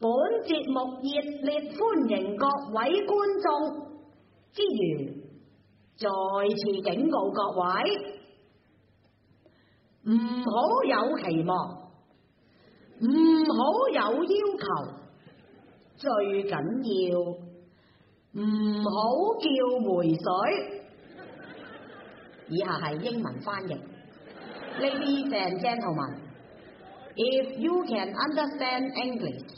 本節目熱烈歡迎各位觀眾，之餘再次警告各位，唔好有期望，唔好有要求，最緊要唔好叫回水。以下係英文翻譯，Ladies and gentlemen, if you can understand English.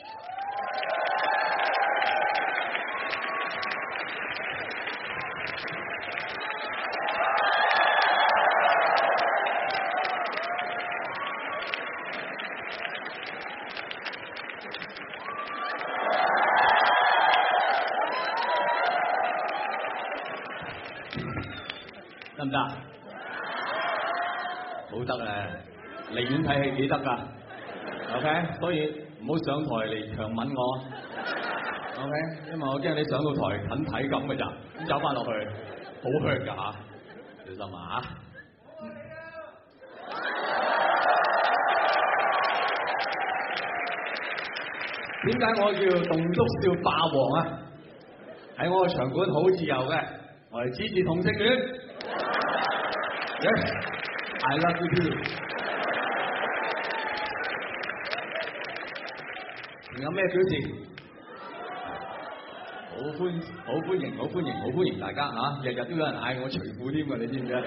記得噶，OK，所以唔好上台嚟強吻我，OK，因為我驚你上到台近睇咁嘅咋，咁走翻落去，好香噶吓，小心啊，點解 我叫棟篤笑霸王啊？喺我嘅場館好自由嘅，我哋支持同性戀，Yes，I、yeah, love you too。有咩表示？好歡好歡迎，好歡迎，好歡迎大家嚇！日日都有人嗌我除褲添㗎，你知唔知啊？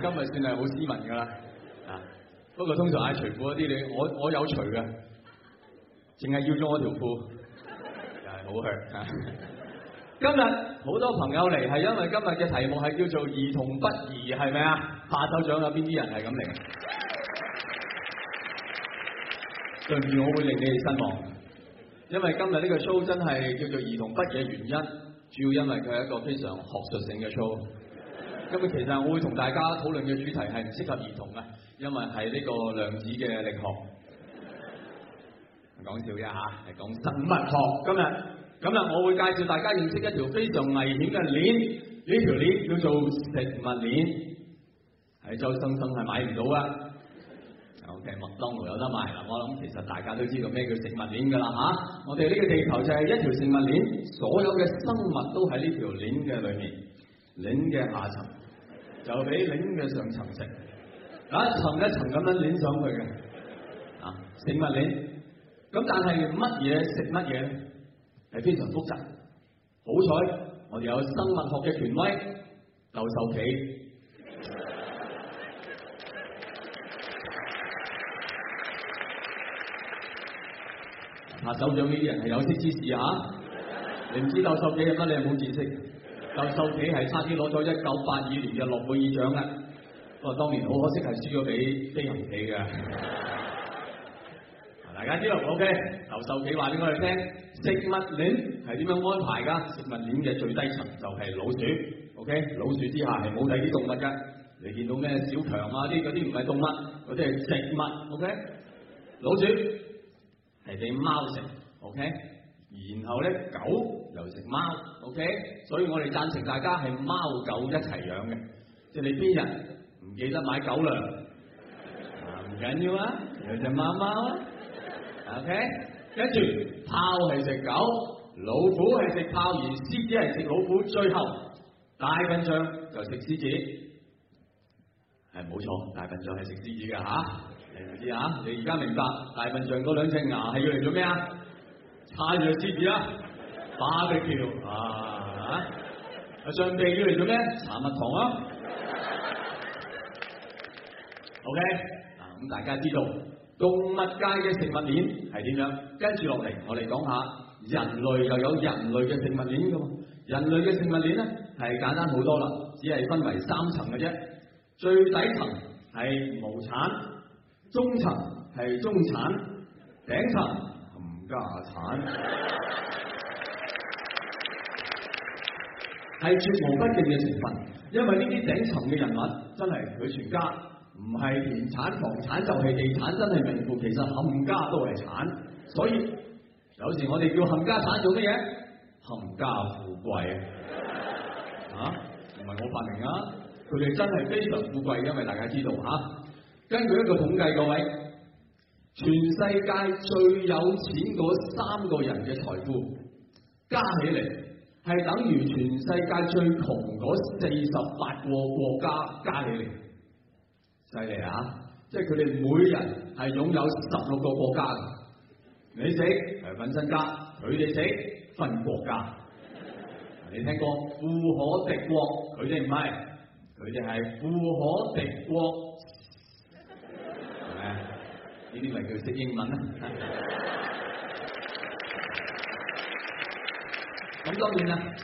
今日算係好斯文㗎啦。啊，不過通常嗌除褲嗰啲你我我有除嘅，淨係要咗我條褲，又係好香。今日好多朋友嚟係因為今日嘅題目係叫做兒童不宜，係咪啊？拍手掌，有邊啲人係咁嚟？順 便我會令你哋失望。因為今日呢個 show 真係叫做兒童不嘅原因，主要因為佢係一個非常學術性嘅 show。咁其實我會同大家討論嘅主題係唔適合兒童嘅，因為係呢個量子嘅力學。講笑啫嚇，係講生物學。今日，今日我會介紹大家認識一條非常危險嘅鏈，呢條鏈叫做食物鏈，係周生生係買唔到啊！係麥當勞有得賣嗱，我諗其實大家都知道咩叫食物鏈㗎啦嚇，我哋呢個地球就係一條食物鏈，所有嘅生物都喺呢條鏈嘅裏面，鏈嘅下層就俾鏈嘅上層食，一層一層咁樣鏈上去嘅啊，食物鏈。咁但係乜嘢食乜嘢咧，係非常複雜。好彩我哋有生物學嘅權威劉秀奇。拿首獎呢啲人係有識之士啊！你唔知道劉秀杞乜你又冇見識？劉 秀杞係差啲攞咗一九八二年嘅諾貝爾獎啦，不、啊、過當年好可惜係輸咗俾飛鴻杞嘅。大家知道？O K，劉秀杞話俾我哋聽，食物鏈係點樣安排噶？食物鏈嘅最低層就係老鼠，O、okay? K，老鼠之下係冇第二啲動物噶。你見到咩小強啊？啲嗰啲唔係動物，嗰啲係植物，O、okay? K，老鼠。係俾貓食，OK，然後咧狗又食貓，OK，所以我哋贊成大家係貓狗一齊養嘅，即係你邊日唔記得買狗糧，啊，唔緊要啊，有隻貓貓啊，OK，跟住豹係食狗，老虎係食豹，而獅子係食老虎，最後大笨象就食獅子，係冇錯，大笨象係食獅子嘅吓。啊知啊？你而家明白大笨象嗰兩隻牙係要嚟做咩啊？叉住嚟撕住啦，把佢撬啊！上帝要嚟做咩？查蜜糖啊 ！OK，咁大家知道動物界嘅食物鏈係點樣？跟住落嚟，我哋講下人類又有人類嘅食物鏈噶。人類嘅食物鏈咧係簡單好多啦，只係分為三層嘅啫。最底層係無產。中層係中產，頂層冚家產，係絕無不敬嘅成分。因為呢啲頂層嘅人物，真係佢全家唔係田產、房產就係地產，真係名副其實冚家都係產。所以有時我哋叫冚家產做咩嘢？冚家富貴 啊！嚇，唔係我發明啊！佢哋真係非常富貴，因為大家知道嚇。根據一個統計，各位，全世界最有錢嗰三個人嘅財富加起嚟，係等於全世界最窮嗰四十八個國家加起嚟，犀利啊！即係佢哋每人係擁有十六個國家嘅，你死係分身家，佢哋死分國家。 你聽過富可敵國，佢哋唔係，佢哋係富可敵國。呢啲咪叫識英文啦、嗯！咁、嗯、當然啦，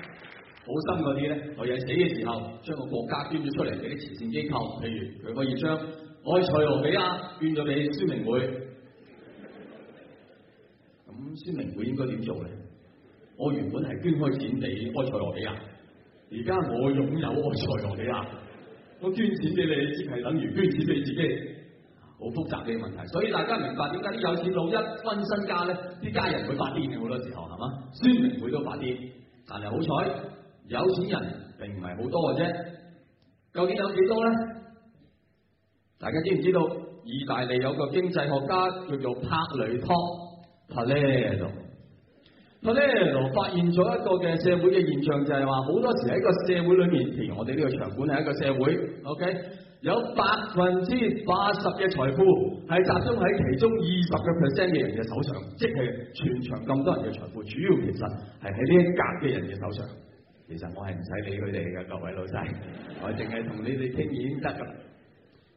好心嗰啲咧，我嘢死嘅時候，將個國家捐咗出嚟俾啲慈善機構，譬如佢可以將埃塞俄比亞捐咗俾宣明會。咁、嗯、宣明會應該點做咧？我原本係捐開錢俾埃塞俄比亞，而家我擁有埃塞俄比亞，我捐錢俾你，只係等如捐錢俾自己。好複雜嘅問題，所以大家明白點解啲有錢佬一分身家咧，啲家人會發癲嘅好多時候，係嘛？雖然會都發癲，但係好彩有錢人並唔係好多嘅啫，究竟有幾多咧？大家知唔知道意大利有個經濟學家叫做帕雷托？帕雷托，帕雷托發現咗一個嘅社會嘅現象，就係話好多時喺個社會裏面，譬如我哋呢個場館係一個社會，OK。有百分之八十嘅財富係集中喺其中二十個 percent 嘅人嘅手上，即係全場咁多人嘅財富主要其實係喺呢一格嘅人嘅手上。其實我係唔使理佢哋嘅各位老細，我淨係同你哋傾已經得噶啦。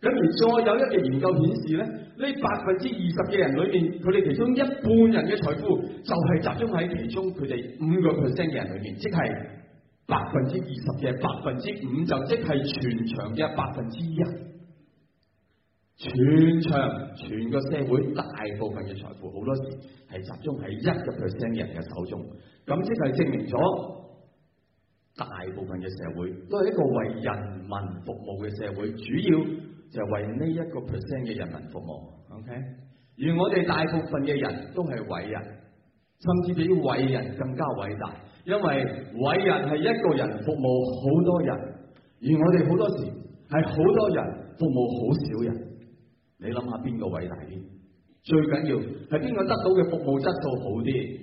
咁而再有一個研究顯示咧，呢百分之二十嘅人裏面，佢哋其中一半人嘅財富就係集中喺其中佢哋五個 percent 嘅人裏面，即係。百分之二十嘅百分之五就即係全場嘅百分之一，全場全個社會大部分嘅財富好多時係集中喺一個 percent 嘅人嘅手中，咁即係證明咗大部分嘅社會都係一個為人民服務嘅社會，主要就係為呢一個 percent 嘅人民服務。OK，而我哋大部分嘅人都係偉人，甚至比偉人更加偉大。因為偉人係一個人服務好多人，而我哋好多時係好多人服務好少人。你諗下邊個偉大啲？最緊要係邊個得到嘅服務質素好啲？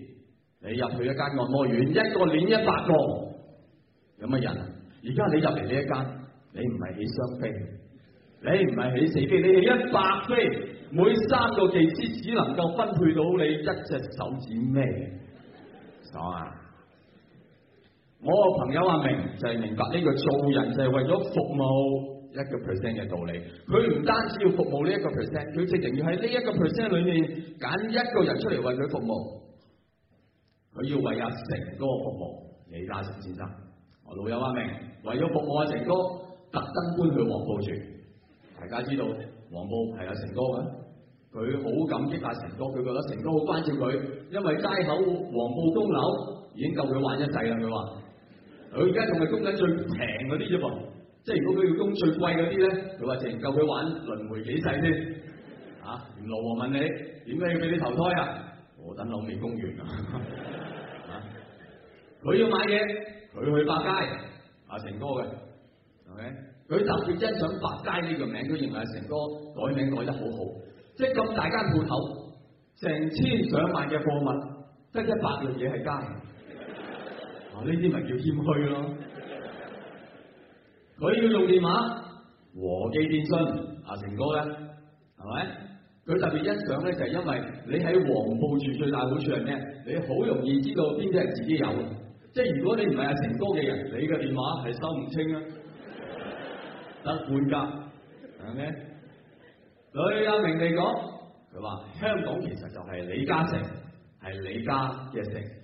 你入去一間按摩院，一個捻一百個有乜人？而家你入嚟呢一間，你唔係起雙飛，你唔係起四飛，你係一百飛，每三個技師只能夠分配到你一隻手指尾？爽 啊！我個朋友阿明就係明白呢個做人就係為咗服務一個 percent 嘅道理。佢唔單止要服務呢、這、一個 percent，佢直情要喺呢一個 percent 裏面揀一個人出嚟為佢服務。佢要為阿成哥服務，李嘉誠先生。我老友阿明，為咗服務阿成哥，特登搬去黃埔住。大家知道黃埔係阿成哥嘅，佢好感激阿成哥，佢覺得成哥好關照佢，因為街口黃埔東樓已經夠佢玩一世啦，佢話。佢而家仲係供緊最平嗰啲啫噃，即係如果佢要供最貴嗰啲咧，佢話淨夠佢玩輪迴幾世先。啊，羅王問你點解要俾你投胎啊？我等攬未供完啊！佢要買嘢，佢去百佳，阿成哥嘅，OK？佢特別欣賞百佳呢個名，都認為阿成哥改名改得好好，即係咁大間鋪頭，成千上萬嘅貨物，得一百樣嘢係佳。呢啲咪叫謙虛咯。佢要用電話和記電訊。啊，成哥咧，係咪？佢特別欣賞咧，就係因為你喺黃埔住最大好處係咩？你好容易知道邊啲係自己有，即係如果你唔係阿成哥嘅人，你嘅電話係收唔清啊， 得半格，係、okay? 咪？對阿明嚟講，佢話香港其實就係李嘉誠，係李家嘅城。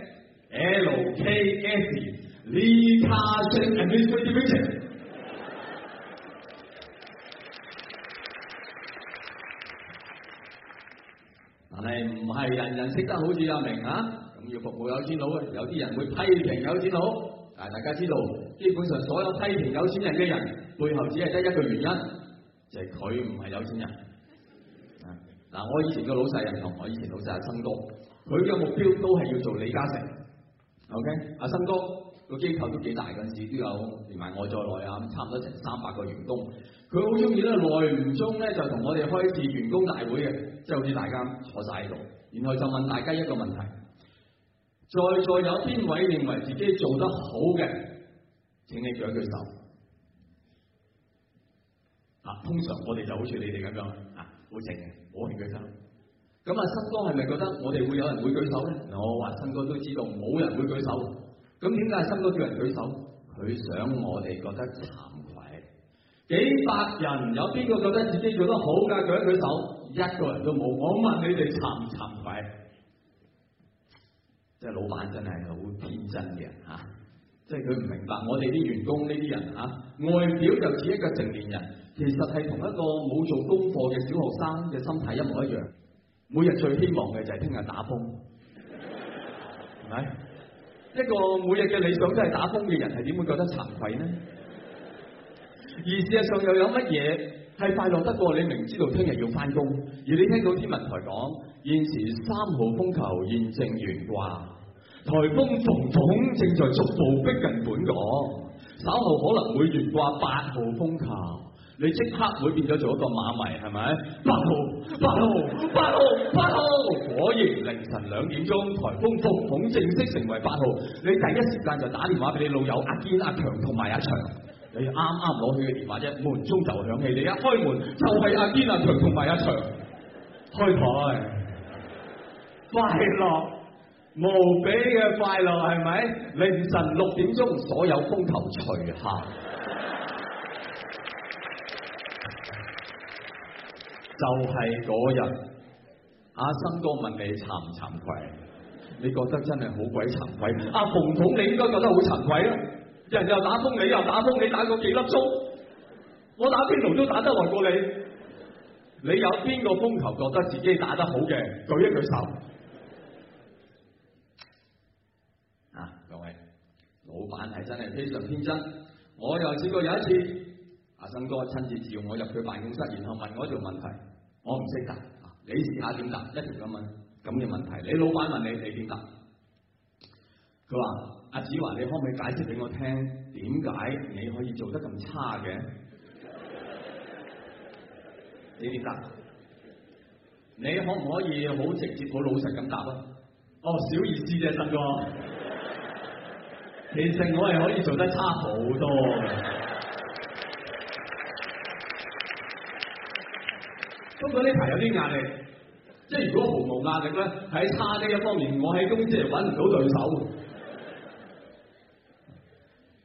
L K S Lee Ka Shing Administration Division， 但係唔係人人識得好似阿明啊，咁要服務有錢佬啊，有啲人會批評有錢佬。嗱，大家知道，基本上所有批評有錢人嘅人，背後只係得一個原因，就係佢唔係有錢人。嗱、啊，我以前個老細人同我以前的老細阿春哥，佢嘅目標都係要做李嘉誠。OK，阿新哥個機構都幾大的，嗰陣時都有連埋我在內啊，差唔多成三百個員工。佢好中意咧，耐唔中咧就同我哋開始員工大會嘅，即係好似大家坐晒喺度，然後就問大家一個問題：在座有邊位認為自己做得好嘅，請你舉一舉手。啊，通常我哋就好似你哋咁樣啊，好靜嘅，我舉手。咁啊，新哥係咪覺得我哋會有人會舉手咧？我話新哥都知道冇人會舉手，咁點解新哥叫人舉手？佢想我哋覺得慚愧。幾百人有邊個覺得自己做得好噶？舉一舉手，一個人都冇。我問你哋慚唔慚愧？即係老闆真係好天真嘅吓，即係佢唔明白我哋啲員工呢啲人吓，外表就似一個成年人，其實係同一個冇做功課嘅小學生嘅心態一模一樣。每日最希望嘅就係聽日打風，係咪？一個每日嘅理想都係打風嘅人係點會覺得慚愧呢？而事實上又有乜嘢係快樂得過你明知道聽日要翻工？而你聽到天文台講現時三號風球現正懸掛，颱風重重正在逐步逼近本港，稍後可能會懸掛八號風球。你即刻會變咗做一個馬迷係咪？八號八號八號,八號,八,號八號，果然凌晨兩點鐘颱風鳳凰正式成為八號，你第一時間就打電話俾你老友阿堅阿強同埋阿祥，你啱啱攞佢嘅電話一門鐘就響起，你一開門就係、是、阿堅阿強同埋阿祥開台，快樂無比嘅快樂係咪？凌晨六點鐘所有風頭除下。就係嗰日，阿生哥問你慚唔慚愧？你覺得真係好鬼慚愧。阿馮總，你應該覺得好慚愧啦。人又打風，你又打風，你打過幾粒鐘？我打邊爐都打得來過你。你有邊個風球覺得自己打得好嘅？舉一舉手。啊，各位，老闆係真係非常天真。我又試過有一次，阿生哥親自召我入去辦公室，然後問我一條問題。我唔識答，你試下點答一條咁問咁嘅問題。你老闆問你，你點答？佢話：阿子華，你可唔可以解釋俾我聽，點解你可以做得咁差嘅？你點答？你可唔可以好直接、好老實咁答咯？哦，小意思啫，得哥。其實我係可以做得差好多嘅。不過呢排有啲壓力，即係如果毫無壓力咧，喺差呢一方面，我喺公司嚟搵唔到對手。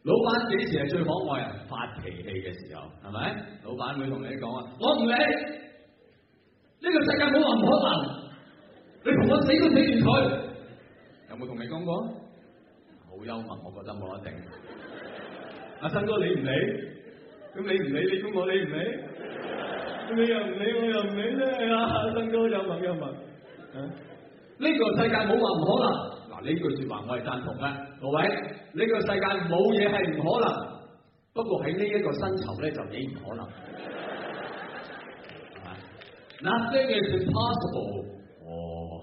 老闆幾時係最可愛啊？發脾氣嘅時候，係咪？老闆會同你講啊，嗯、我唔理呢、這個世界，冇話唔可能，你同我死都死唔完。佢、嗯、有冇同你講過？好幽默，我覺得冇得頂。 阿新哥，你唔理，咁你唔理，你估我理唔理？你又唔理我又唔理咧，新哥又問又問，呢個世界冇話唔可能，嗱，呢句說話我係贊同嘅，各位，呢個世界冇嘢係唔可能，不過喺呢一個薪酬咧就幾唔可能。Nothing is impossible。哦，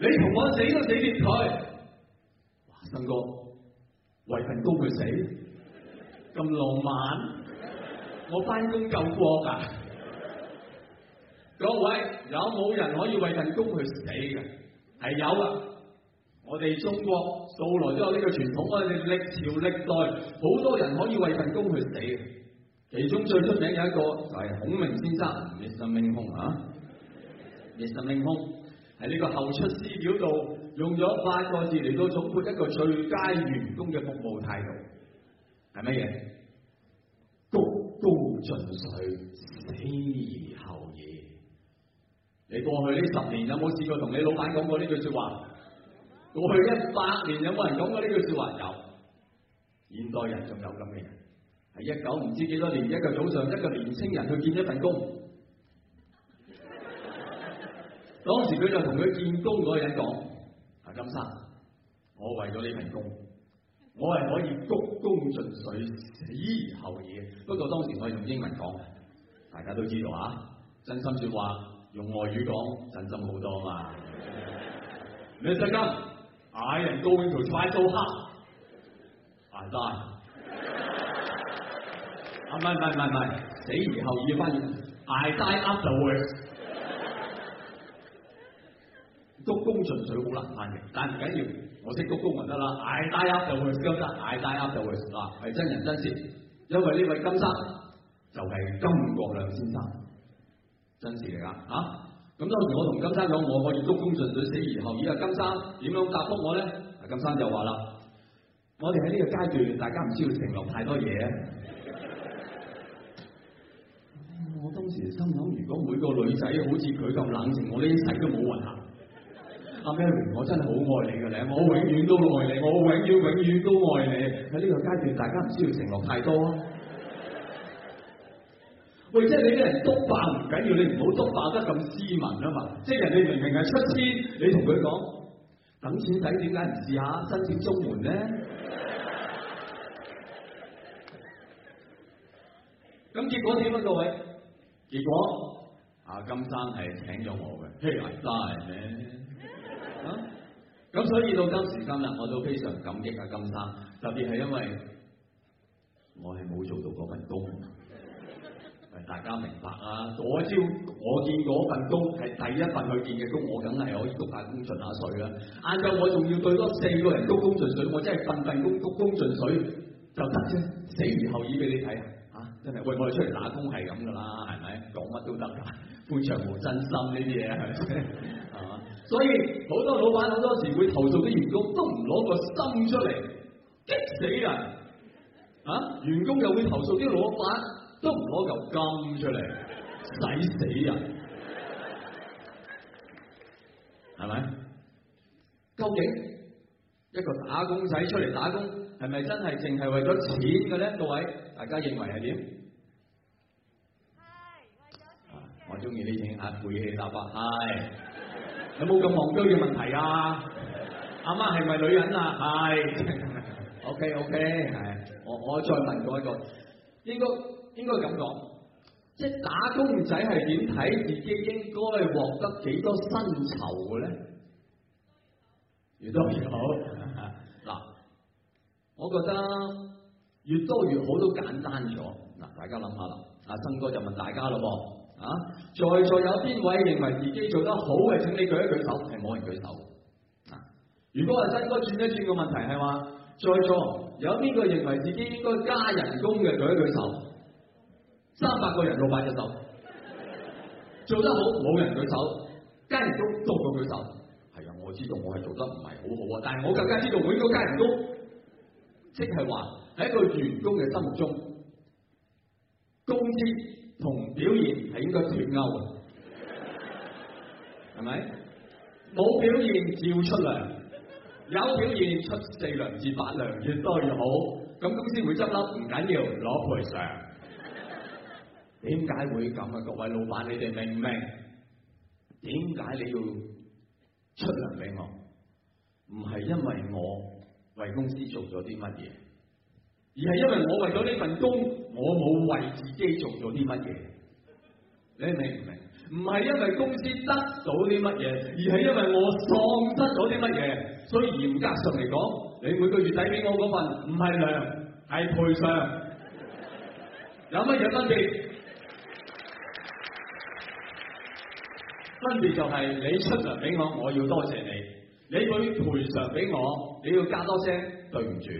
你同我死都死唔脫，哇，新哥為份工去死，咁浪漫。我翻工救過噶，各位有冇人可以為份工去死嘅？係有啊！我哋中國素來都有呢個傳統。我哋歷朝歷代好多人可以為份工去死嘅，其中最出名有一個就係孔明先生，你神命空啊！你神命空喺呢個後出師表度用咗八個字嚟到概括一個最佳員工嘅服務態度，係乜嘢？高盡水，死而後已。你過去呢十年有冇試過同你老闆講過呢句說話？過去一百年有冇人講過呢句說話？有。現代人仲有咁嘅人，係一九唔知幾多年，一個早上，一個年青人去見一份工。 當時佢就同佢見工嗰個人講：阿金生，我為咗呢份工。我係可以鞠躬盡瘁，死而後已。不過當時我係用英文講。大家都知道啊，真心說話用外語講真心好多啊嘛。你陣間，I am going to try so hard, I die，唔係唔係唔係，uh, not, not, not, not, not, 死而後已嘅翻譯，I die afterwards 鞠躬盡瘁好難翻譯，但係唔緊要。我識鞠躬就得啦，嗌大阿就會收得，嗌大阿就會啦，係真人真事，因為呢位金生就係金國亮先生，真事嚟噶嚇。咁、啊、當時我同金生講，我可以鞠躬盡瘁死而後已。金生點樣答覆我咧？金生就話啦：我哋喺呢個階段，大家唔需要承諾太多嘢、 啊。我當時心諗，如果每個女仔好似佢咁冷靜，我呢一世都冇運行。阿咩梅，我真係好愛你嘅咧，我永遠都愛你，我永遠永遠都愛你。喺呢個階段，大家唔需要承諾太多啊。喂，即係你啲人篤爆唔緊要，你唔好篤爆得咁斯文啊嘛。即係人哋明明係出千，你同佢講等錢使，點解唔試下申請綜援咧？咁結果點啊，各位？結果阿金生係請咗我嘅，嘿呀，真係咩？咁、啊、所以到今時今日，我都非常感激阿、啊、金生，特別係因為，我係冇做到嗰份工， 大家明白啊！我招我見嗰份工係第一份去見嘅工，我梗係可以督下工盡下水啦。晏晝我仲要對多四個人督工盡水，我真係份份工督工盡水就得啫，死而後已俾你睇啊！真係喂，我哋出嚟打工係咁噶啦，係咪？講乜都得，半場無真心呢啲嘢係咪？啊所以，好多老闆好多時會投訴啲員工都唔攞個心出嚟，激死人啊！員工又會投訴啲老闆 有冇咁戇居嘅問題啊？阿 媽係咪女人啊？係 ，OK OK，係，我我再問過一個，應該應該咁講，即係打工仔係點睇自己應該獲得幾多薪酬嘅咧？ 越多越好。嗱，我覺得越多越好都簡單咗。嗱，大家諗下啦。阿生哥就問大家咯噃。啊，在座有邊位認為自己做得好嘅，請你舉一舉手，係冇人舉手。啊，如果話真該轉一轉個問題係嘛？在座有邊個認為自己應該加人工嘅，舉一舉手，三百個人冇擺隻手，做得好冇人舉手，加人工做個舉手。係啊，我知道我係做得唔係好好啊，但係我更加知道每個加人工，即係話喺一個員工嘅心目中，工資同表現係應該脫鈎啊，係咪？冇表現照出糧，有表現出四糧至八糧，越多越好。咁公司會執笠，唔緊要，攞賠償。點解會咁啊？各位老闆，你哋明唔明？點解你要出糧俾我？唔係因為我為公司做咗啲乜嘢，而係因為我為咗呢份工。我冇為自己做咗啲乜嘢，你明唔明？唔係因為公司得到啲乜嘢，而係因為我喪失咗啲乜嘢。所以嚴格上嚟講，你每個月底俾我嗰份唔係糧，係賠償。 有乜嘢 分別就是？分別就係你出糧俾我，我要多謝你；你會賠償俾我，你要多加多聲對唔住。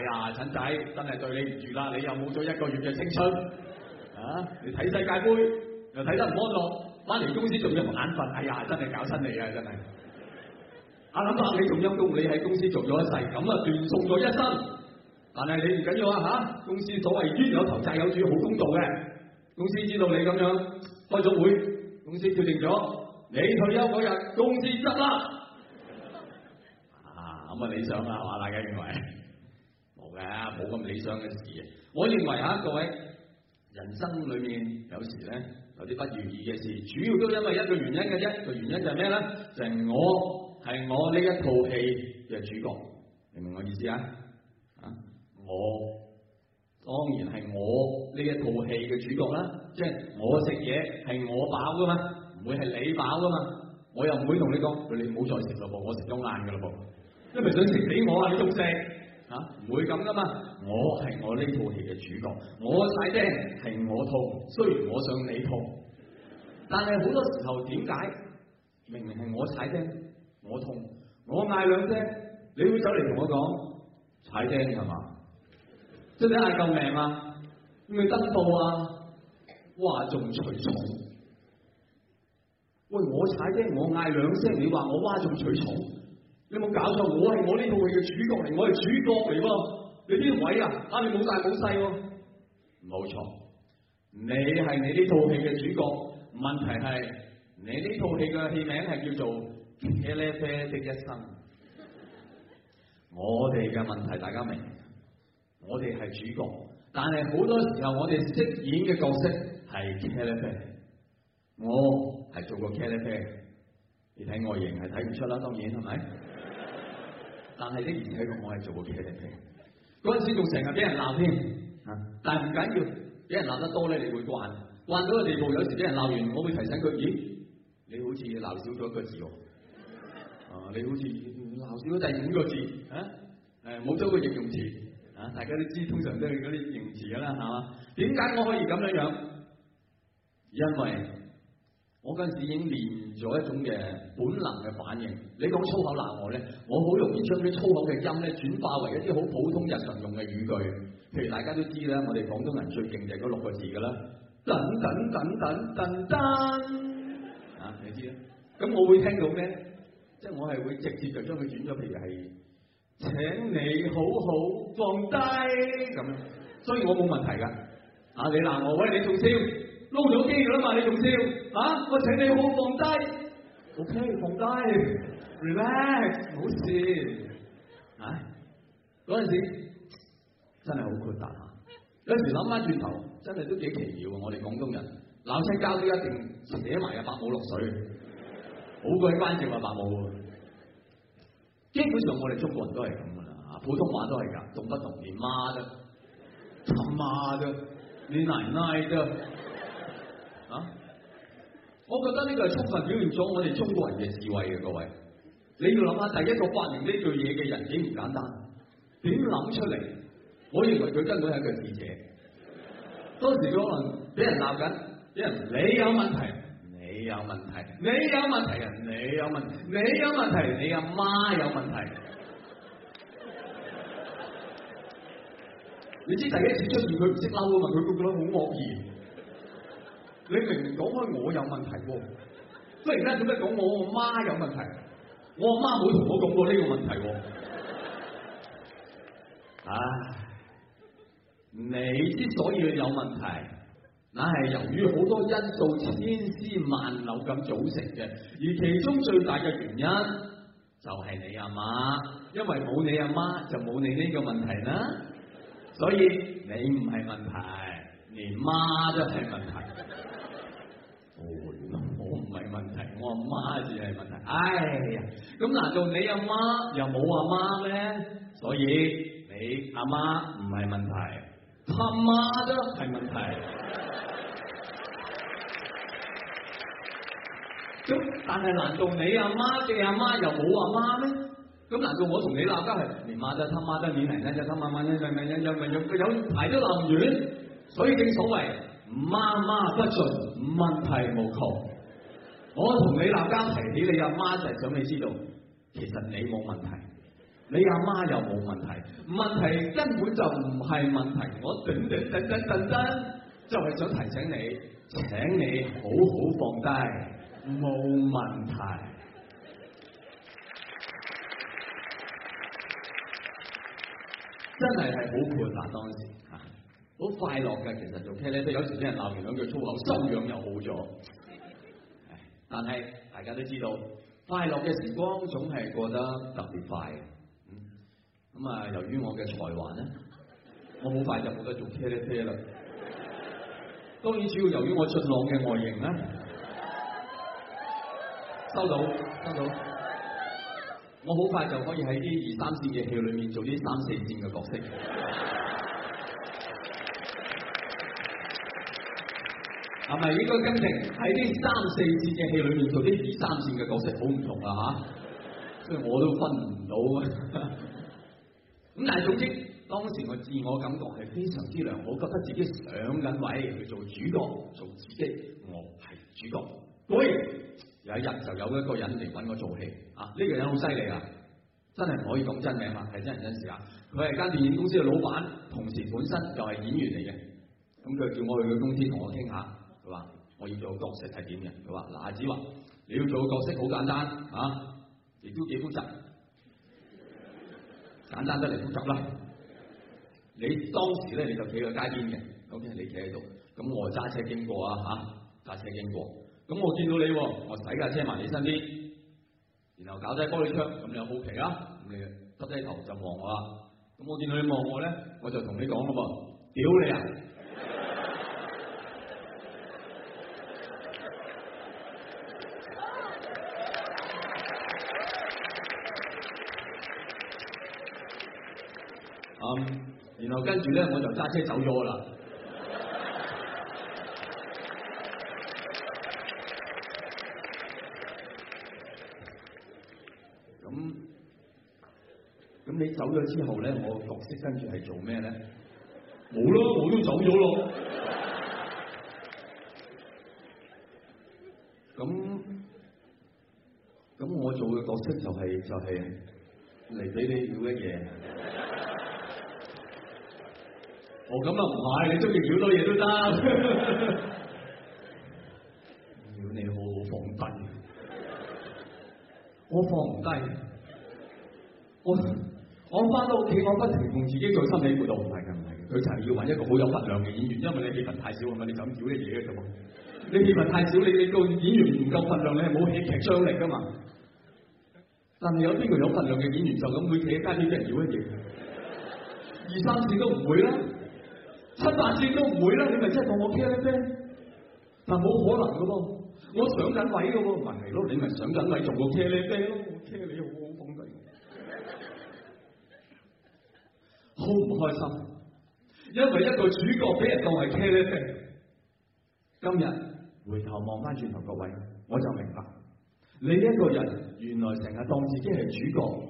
哎呀，陳仔，真係對你唔住啦！你又冇咗一個月嘅青春啊！你睇世界盃又睇得唔安樂，翻嚟公司仲要唔眼瞓，哎呀，真係搞親你啊！真係啊，諗下你仲陰功，你喺公司做咗一世，咁啊斷送咗一生，但係你唔緊要啊吓！公司所謂冤有頭債有主，好公道嘅。公司知道你咁樣，開咗會，公司決定咗，你退休嗰日，公司執啦。啊，咁啊理想啊，係嘛？大家認為？係啊，冇咁理想嘅事，啊。我認為吓、啊、各位，人生裏面有時咧有啲不如意嘅事，主要都因為一個原因嘅啫。一個原因就係咩咧？就係，我係我呢一套戲嘅主角，明唔明我意思啊？啊，我當然係我呢一套戲嘅主角啦。即，就，係，係，我食嘢係我飽噶嘛，唔會係你飽噶嘛。我又唔會同你講，你唔好再食咗噃，我食咗爛噶啦噃，因為想食死我啊！你仲食？啊，唔會咁噶嘛！我係我呢套戲嘅主角，我踩釘係我痛，雖然我想你痛，但係好多時候點解明明係我踩釘，我痛，我嗌兩聲，你會走嚟同我講踩釘係嘛？即係你嗌救命啊？會唔會登報啊？嘩眾取寵？喂，我踩釘，我嗌兩聲，你話我嘩眾取寵？你冇搞錯，我係我呢套戲嘅主角嚟，我係主角嚟喎。你啲位啊，吓你冇大冇細喎。冇錯，你係、啊、你呢套戲嘅主角。問題係你呢套戲嘅戲名係叫做 的心《Kalefe 的一生》。我哋嘅問題大家明，我哋係主角，但係好多時候我哋飾演嘅角色係 Kalefe。我係做過 Kalefe，你睇外形係睇唔出啦，當然係咪？是但係呢件事喺度，我係做過嘅嘢嚟嘅。嗰陣時仲成日俾人鬧添，嚇！但係唔緊要，俾人鬧得多咧，你會慣。慣咗個地步，有時俾人鬧完，我會提醒佢：咦，你好似鬧少咗一個字喎、啊。你好似鬧少咗第五個字嚇，誒冇咗個形容詞嚇、啊。大家都知，通常都係啲形容詞嘅啦，係嘛？點解我可以咁樣樣？因為，我嗰陣時已經練咗一種嘅本能嘅反應。你講粗口鬧我咧，我好容易將啲粗口嘅音咧轉化為一啲好普通日常用嘅語句。譬如大家都知啦，我哋廣東人最勁就係嗰六個字噶啦，等等等等等等。啊，你知啦。咁我會聽到咩？即係我係會直接就將佢轉咗，譬如係請你好好放低咁樣。所以我冇問題噶。啊，你鬧我喂，你仲笑，撈咗機噶啦嘛，你仲笑。啊！我請你好放低，OK，放低，relax，冇事，哎。嗰陣時真係好困難啊，有時諗翻轉頭，真係都幾奇妙啊。我哋廣東人，鬧聲交都一定扯埋阿八武落水，好鬼關鍵啊！八武，基本上我哋中國人都係咁噶啦，普通話都係噶，動不動，你媽的、他媽的、你奶奶的啊！我覺得呢個係充分表現咗我哋中國人嘅智慧嘅，各位，你要諗下第一個發明呢句嘢嘅人幾唔簡單，點諗出嚟？我認為佢根本係一個智者。當時嗰個俾人鬧緊，俾人你有問題，你有問題，你有問題啊，你有問題，你有問題，你阿媽有問題。你知第一次出現佢唔識嬲啊嘛，佢覺得好惡言。你明唔明講開我有問題，啊，所以而家做咩講我阿媽有問題？我阿媽冇同我講過呢個問題啊。 啊，你之所以有問題，乃係由於好多因素千絲萬縷咁組成嘅，而其中最大嘅原因就係你阿媽，因為冇你阿媽就冇你呢個問題啦。所以你唔係問題，連媽都係問題。阿媽先係問題，哎呀，咁難道你阿媽又冇阿媽咩？所以你阿媽唔係問題，佢阿媽都係問題。咁但係難道你阿媽嘅阿媽又冇阿媽咩？咁難道我同你鬧交係連媽都、阿媽都、連人仔都、阿媽媽都、咪咪、人又咪用佢有排都鬧唔完？所以正所謂媽媽不盡問題無窮。我同你鬧交提起你阿媽就係想你知道，其實你冇問題，你阿媽又冇問題，問題根本就唔係問題，我等等等等等等，就係想提醒你，請你好好放低冇問題， 真係係好困難當時，好快樂嘅其實做 K，你都有時俾人鬧完兩句粗口，修 養又好咗。但係大家都知道，快樂嘅時光總係過得特別快嘅。咁啊、嗯嗯，由於我嘅才華咧，我好快就冇得做茄喱啡啦。當然主要由於我俊朗嘅外形，收到收到，我好快就可以喺啲二三線嘅戲裏面做啲三四線嘅角色。 係咪應該跟住喺呢三四線嘅戲裏面做啲二三線嘅角色好唔同啦、啊、吓，所 以我都分唔到。咁但係總之當時我自我感覺係非常之良好，我覺得自己上緊位去做主角做自己。我係主角。嗰日有一日就有一個人嚟揾我做戲啊！呢、這個人好犀利啊，真係唔可以講真名啊，係真人真事啊！佢係間電影公司嘅老闆，同時本身就係演員嚟嘅。咁佢叫我去佢公司同我傾下。話我要做嘅角色係點嘅？佢話嗱，子華，你要做嘅角色好簡單啊，亦都幾複雜， 簡單得嚟複雜啦。你當時咧你就企喺街邊嘅，咁你企喺度，咁我揸車經過啊，吓揸車經過，咁、啊、我見到你，我駛架車埋你身邊，然後搞低玻璃窗，咁、啊、你有好奇啦，咁你耷低頭就望我啦。咁我見到你望我咧，我就同你講咯噃，屌、啊、你啊！然後跟住咧，我就揸車走咗啦。咁 咁你走咗之後咧，我個角色跟住係做咩咧？冇咯，我都走咗咯。咁 咁我做嘅角色就係、是、就係嚟俾你要一嘢。我咁又唔係，你中意屌多嘢都得。屌你，好好放低，我放唔低。我我翻到屋企，我不停同自己做心理活動，唔係唔係。佢就係要揾一個好有分量嘅演員，因為你戲份太少吖嘛。你就咁屌一嘢嘅啫喎。你戲份太少，你你個演員唔夠分量，你係冇戲劇張力噶嘛。但係有邊個有分量嘅演員就咁會企喺街邊俾人屌一嘢？二三線都唔會啦。七八次都唔會啦，你咪即係當我茄喱啡？但冇可能噶噃，我上緊位噶喎，咪係咯，你咪上緊位做個茄喱啡咯，茄 喱好恐懼，好唔開心，因為一個主角俾人當係茄喱啡。今日回頭望翻轉頭，各位，我就明白，你一個人原來成日當自己係主角，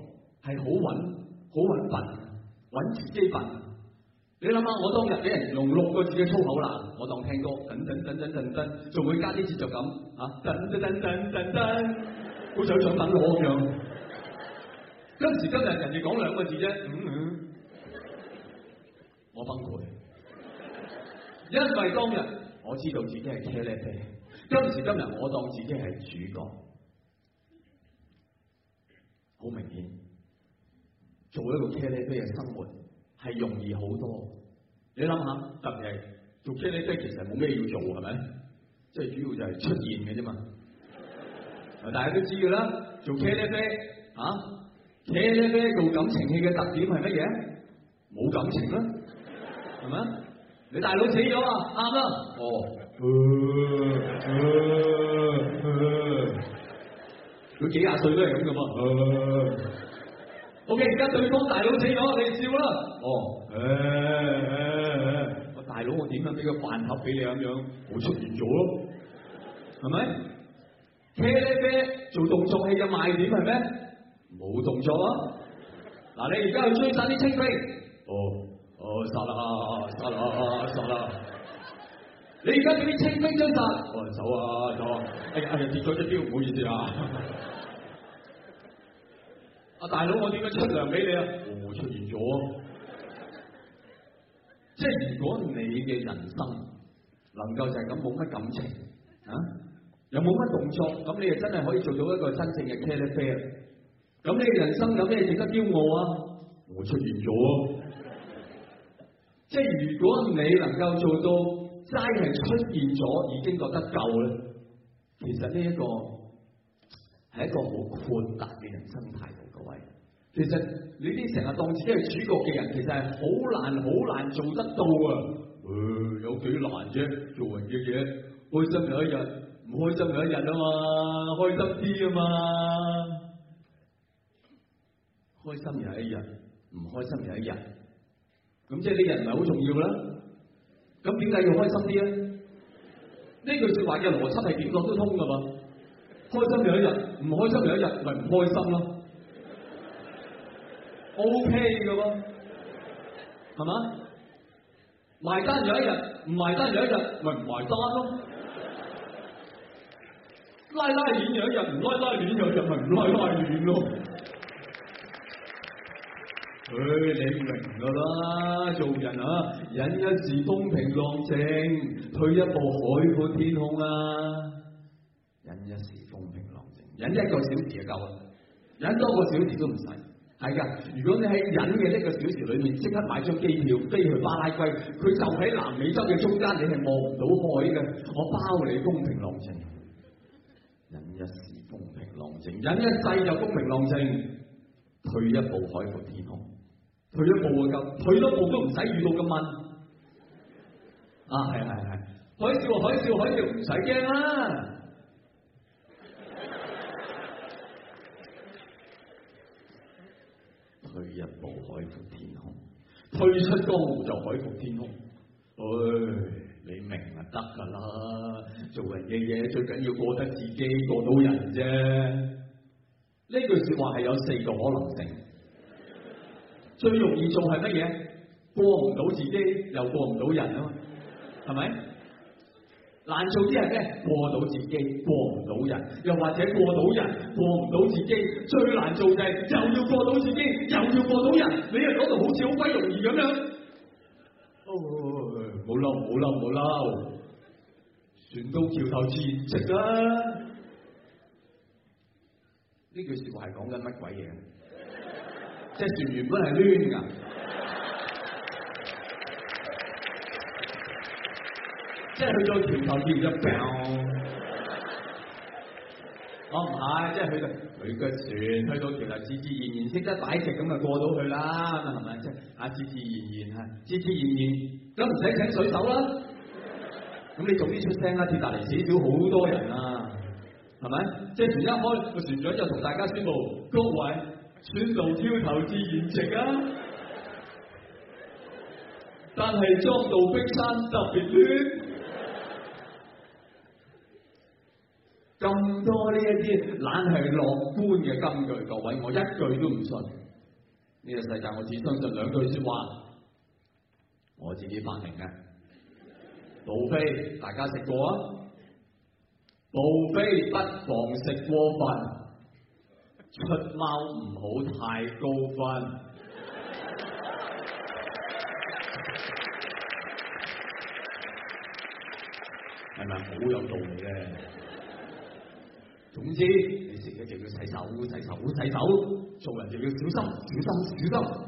係好穩，好穩笨，穩自己笨。你諗下，我當日俾人用六個字嘅粗口啦，我當聽歌，等等等等等等，仲會加啲節奏感啊，等等等等等等，好似想等我咁。今時今日人哋講兩個字啫，嗯嗯，我崩潰，因為當日我知道自己係茄喱啡，今時今日我當自己係主角，好明顯，做一個茄喱啡嘅生活。係容易好多，你諗下，特別係做茄喱啡，其實冇咩要做，係咪？即係主要就係出現嘅啫嘛。 大家都知噶啦，做茄喱啡啊，茄喱啡做感情戲嘅特點係乜嘢？冇感情啦，係 咪？你大佬死咗啊？啱啦。哦。佢 幾廿歲都係咁噶嘛。 OK，而家對方大佬死咗，你笑啦。哦，誒誒誒，我大佬我點樣俾個飯盒俾你咁樣？我出現咗咯，係咪？茄喱啡做動作戲嘅賣點係咩？冇動作啊！嗱，你而家去追殺啲清兵。哦，我殺啦殺啦殺啦！你而家俾啲清兵追殺。哦，走啊走啊！哎呀跌咗隻標，唔好意思啊。啊、大佬，我點樣出糧俾你啊？我、哦、出現咗、啊， 即係如果你嘅人生能夠就係咁冇乜感情啊，又冇乜動作，咁你又真係可以做到一個真正嘅 carefree。咁你嘅人生有咩值得驕傲啊？ 我出現咗、啊， 即係如果你能夠做到齋係出現咗，已經覺得夠喇，其實呢、這個、一個係一個好豁達嘅人生態度。其實你啲成日當自己係主角嘅人，其實係好難好難做得到啊、呃！有幾難啫？做人嘅嘢，開心有一日，唔開心有一日啊嘛，開心啲啊嘛，開心又一日，唔開心又一日，咁即係呢日唔係好重要啦。咁點解要開心啲呢？呢句說話嘅邏輯係點講都通噶嘛？開心有一日，唔開心有一日，咪唔開心咯。 O K 噶喎，係嘛？埋單有一日，唔埋單有一日，咪唔埋單咯、啊。拉拉鏈有一日，唔拉拉鏈有一日、啊，咪唔拉拉鏈咯。唉、啊 哎，你唔明噶啦，做人啊，忍一時風平浪靜，退一步海闊天空啊。忍一時風平浪靜，忍一個小時就夠啦，忍多個小時都唔使。係噶，如果你喺忍嘅呢個小時裏面，即刻買張機票飛去巴拉圭，佢就喺南美洲嘅中間，你係望唔到海嘅。我包你風平浪靜，忍一時風平浪靜，忍一世就風平浪靜。退一步海闊天空，退一步嘅今，退一步都唔使遇到咁問。啊，係係係，海嘯海嘯海嘯，唔使驚啦。一步海闊天空，退出江湖就海闊天空，哎。唉，你明啊得噶啦，做人嘅嘢最緊要過得自己，過到人啫。呢句說話係有四個可能性，最容易做係乜嘢？過唔到自己又過唔到人啊嘛，係咪？難做啲係咩？過到自己，過唔到人；又或者過到人，過唔到自己。最難做的就係、是、又要過到自己，又要過到人。你又嗰度好似好鬼容易咁樣。哦、冇、哦、嬲，冇、哦、嬲，冇嬲，船到橋頭自然直啊！呢句話說話係講緊乜鬼嘢？ 即係船原本係亂噶。即係去， 去到橋頭自然就漂。我唔係，即係去到佢個船去到橋頭啊，自自然然識得擺直咁就過到去啦，咁啊係咪即係啊自自然然啊自自然然都唔使請水手啦，咁 你早啲出聲啊，鐵達尼死咗好多人啊，係咪？即係船一開個船長就同大家宣布，各位船到橋頭自然直啊， 但係撞到冰山特別亂。咁多呢一啲，懶係樂觀嘅金句，各位我一句都唔信。呢、這個世界我只相信兩句說話，我自己發明嘅。路飛，大家食過啊？路飛不妨食過分，出貓唔好太高分，係咪好有道理嘅？總之你，你食嘢就要洗手、洗手、洗手；做人就要小心、小心、小心。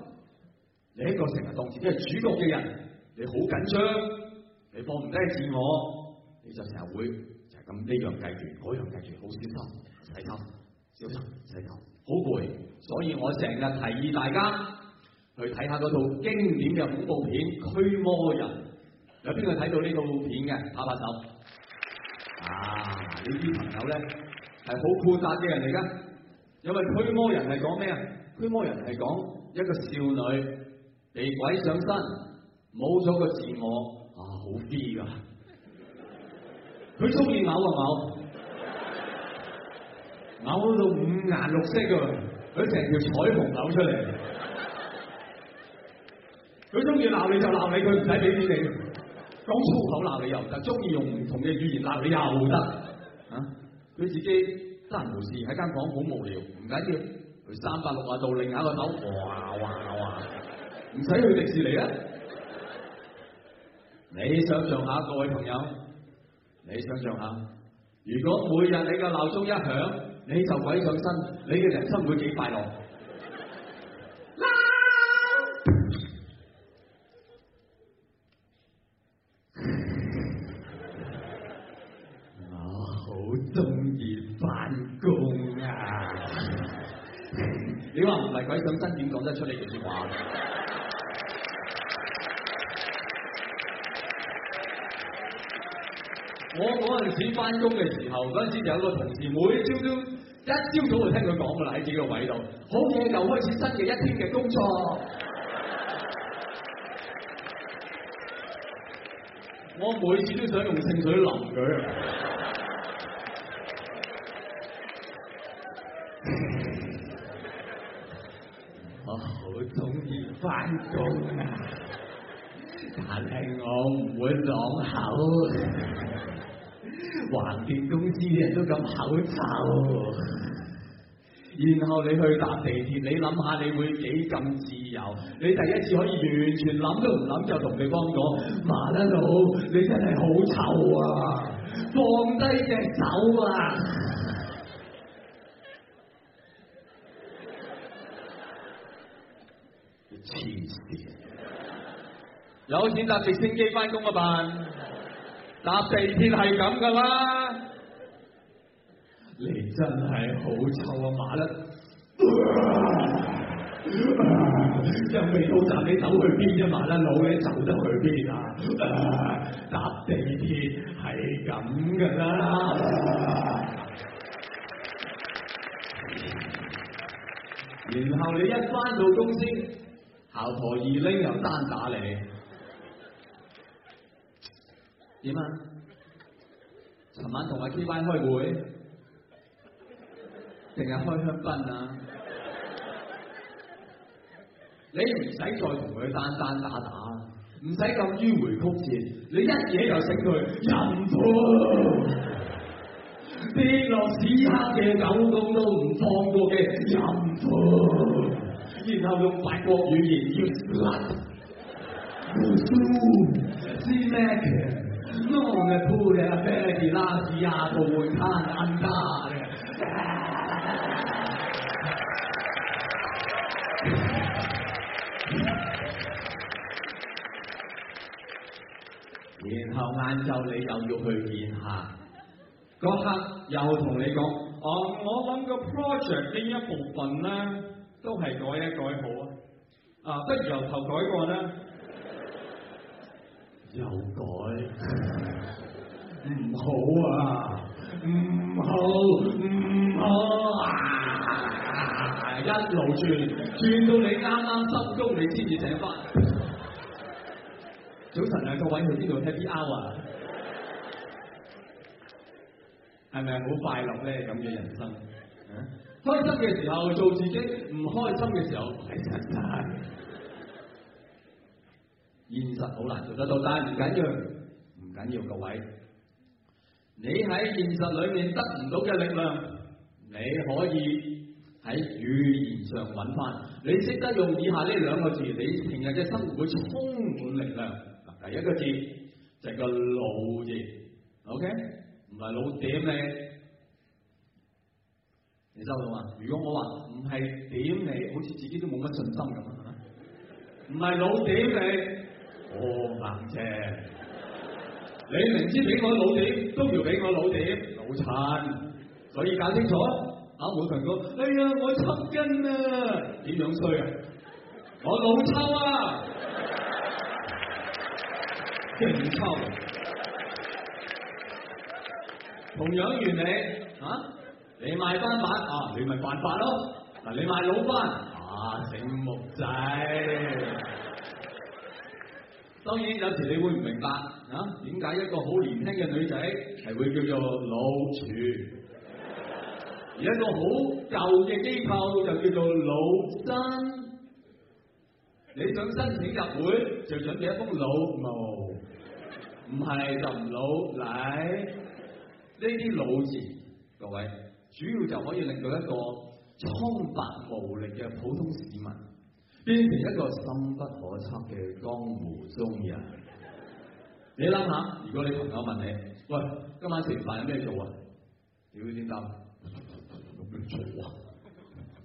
你一個成日當自己係主角嘅人，你好緊張，你放唔低自我，你就成日會就係咁呢樣計住，嗰樣計住，好小心、洗手、小心、洗手，好攰。所以我成日提議大家去睇下嗰套經典嘅恐怖片《驅魔人》，有邊個睇到呢套片嘅？拍下手。啊，呢啲朋友咧。係好豁達嘅人嚟噶，因為驅魔人係講咩啊？驅魔人係講一個少女被鬼上身，冇咗個自我啊，好啲噶！佢中意嘔就嘔，嘔到五顏六色噶，佢成條彩虹嘔出嚟。佢中意鬧你就鬧你，佢唔使俾你，講粗口鬧你又得，中意用唔同嘅語言鬧你又得。佢自己得閒無事喺間房好無聊，唔緊要，佢三百六十度另外一個手畫畫畫，唔使去迪士尼啊！你想像下，各位朋友，你想像下，如果每日你個鬧鐘一響，你就鬼上身，你嘅人生會幾快樂？講得出嚟嘅說話。我嗰陣時翻工嘅時候，嗰陣時就有一個同事，每朝早一朝早就聽佢講噶啦，喺自己個位度，好嘢，又開始新嘅一天嘅工作啊。我每次都想用聖水淋佢。翻工啊！但係我唔會朗口，橫掂公司啲人都咁口臭，然後你去搭地鐵，你諗下你會幾咁自由，你第一次可以完全諗都唔諗就同對方講，麻甩佬，你真係好臭啊！放低隻手啊！有錢搭直升機翻工啊？辦，搭地鐵係咁嘅啦。你真係好臭啊！馬甩，一味都搭你走去邊啫？馬甩佬，你走得去邊啊，啊？搭地鐵係咁嘅啦，啊。然後你一翻到公司，校婆二拎又單打你。點啊？尋晚同阿 K 班開會，定係開香檳啊？你唔使再同佢單單打打，唔使咁迂迴曲折，你一嘢就醒佢，淫賊，跌落屎坑嘅狗公都唔放過嘅淫賊，然後用法國語言用 Love Through Z Mac。弄個土的白底垃圾呀，看安大的。然後晏晝你又要去見下，個客又同你講，哦，我諗個 project 邊一部分呢，都係改一改好啊，啊，不如由頭改過呢？又改，唔好啊，唔好，唔好啊！一路轉，轉到你啱啱失中，你先至醒返。早晨啊，各位去邊度 happy hour 啊？係咪好快樂咧？咁嘅人生，啊、開心嘅時候做自己，唔開心嘅時候係神神。現實好難做得到，但係唔緊要，唔緊要，各位，你喺現實裏面得唔到嘅力量，你可以喺語言上揾翻。你識得用以下呢兩個字，你平日嘅生活會充滿力量。嗱第一個字就係個老字，OK，唔係老點你？你收到嗎？如果我話唔係點你，好似自己都冇乜信心咁，係咪唔係老點你？我硬姐，你明知畀我老點，都要畀我老點，老襯，所以搞清楚啊！冇成功，哎呀，我抽筋啊！點樣衰啊？我老抽啊！腦抽，同樣原理啊！你賣翻版啊，你咪犯法咯！嗱，你賣老翻啊，醒目仔。當然有時你會唔明白啊，點解一個好年輕嘅女仔係會叫做老處，而一個好舊嘅機構就叫做老身。你想申請入會就準備一封老毛，唔係就唔老嚟。呢啲老字，各位主要就可以令到一個蒼白無力嘅普通市民，變成一個深不可測嘅江湖中人，你諗下，如果你朋友問你，喂，今晚食完飯有咩做啊？你會點答？咁樣坐啊？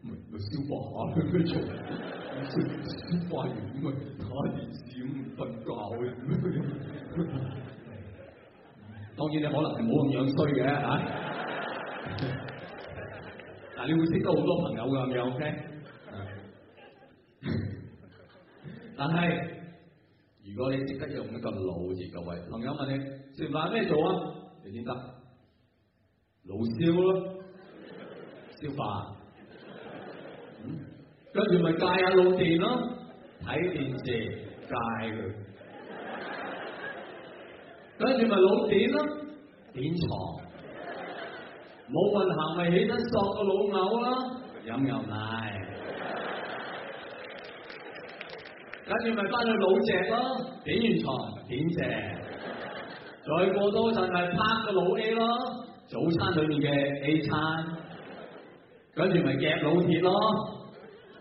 唔係去燒飯啊？咁樣坐？燒燒飯咁啊，打下電視咁瞓覺嘅。當然你可能係冇咁樣衰嘅嚇。嗱，你會識到好多朋友㗎，咁樣 OK。但係，如果你值得用呢個腦字嘅位，朋友問你食完飯咩做啊？你點得，腦燒咯，消化，跟住咪戒下腦電咯，睇電視戒佢，跟住咪腦點咯，點床，冇運行咪起得索個腦牛啦，飲牛奶。跟住咪翻去老藉咯，點完床點藉 再過多陣咪拍個老 A 咯，早餐裏面嘅 A 餐， 跟住咪夾老鐵咯，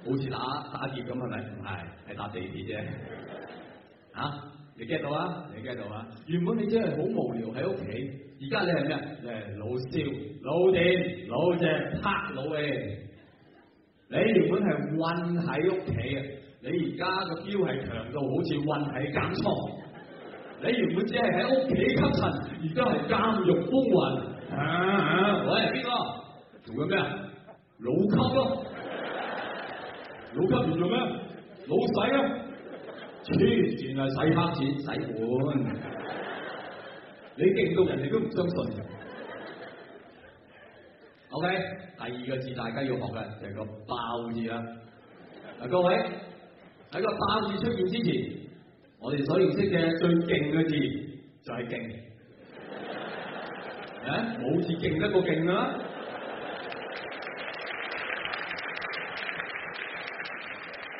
好似打打劫咁係咪？唔係，係搭地鐵啫。啊，你 get 到啊？你 get 到啊？原本你真係好無聊喺屋企，而家你係咩？你係老燒、老電、老隻、拍老 A，你原本係困喺屋企啊！你而家個標係強到好似運體減倉，你原本只係喺屋企吸塵，而家係監獄風雲。喂，邊個做緊咩？老吸咯，老吸做做咩？老洗咯，黐線啊！洗黑錢、洗碗，你勁到人哋都唔相信。OK，第二個字大家要學嘅就係個爆字啦。嗱，各位。喺個爆字出現之前，我哋所認識嘅最勁嘅字就係勁。啊，冇似勁得過勁啊！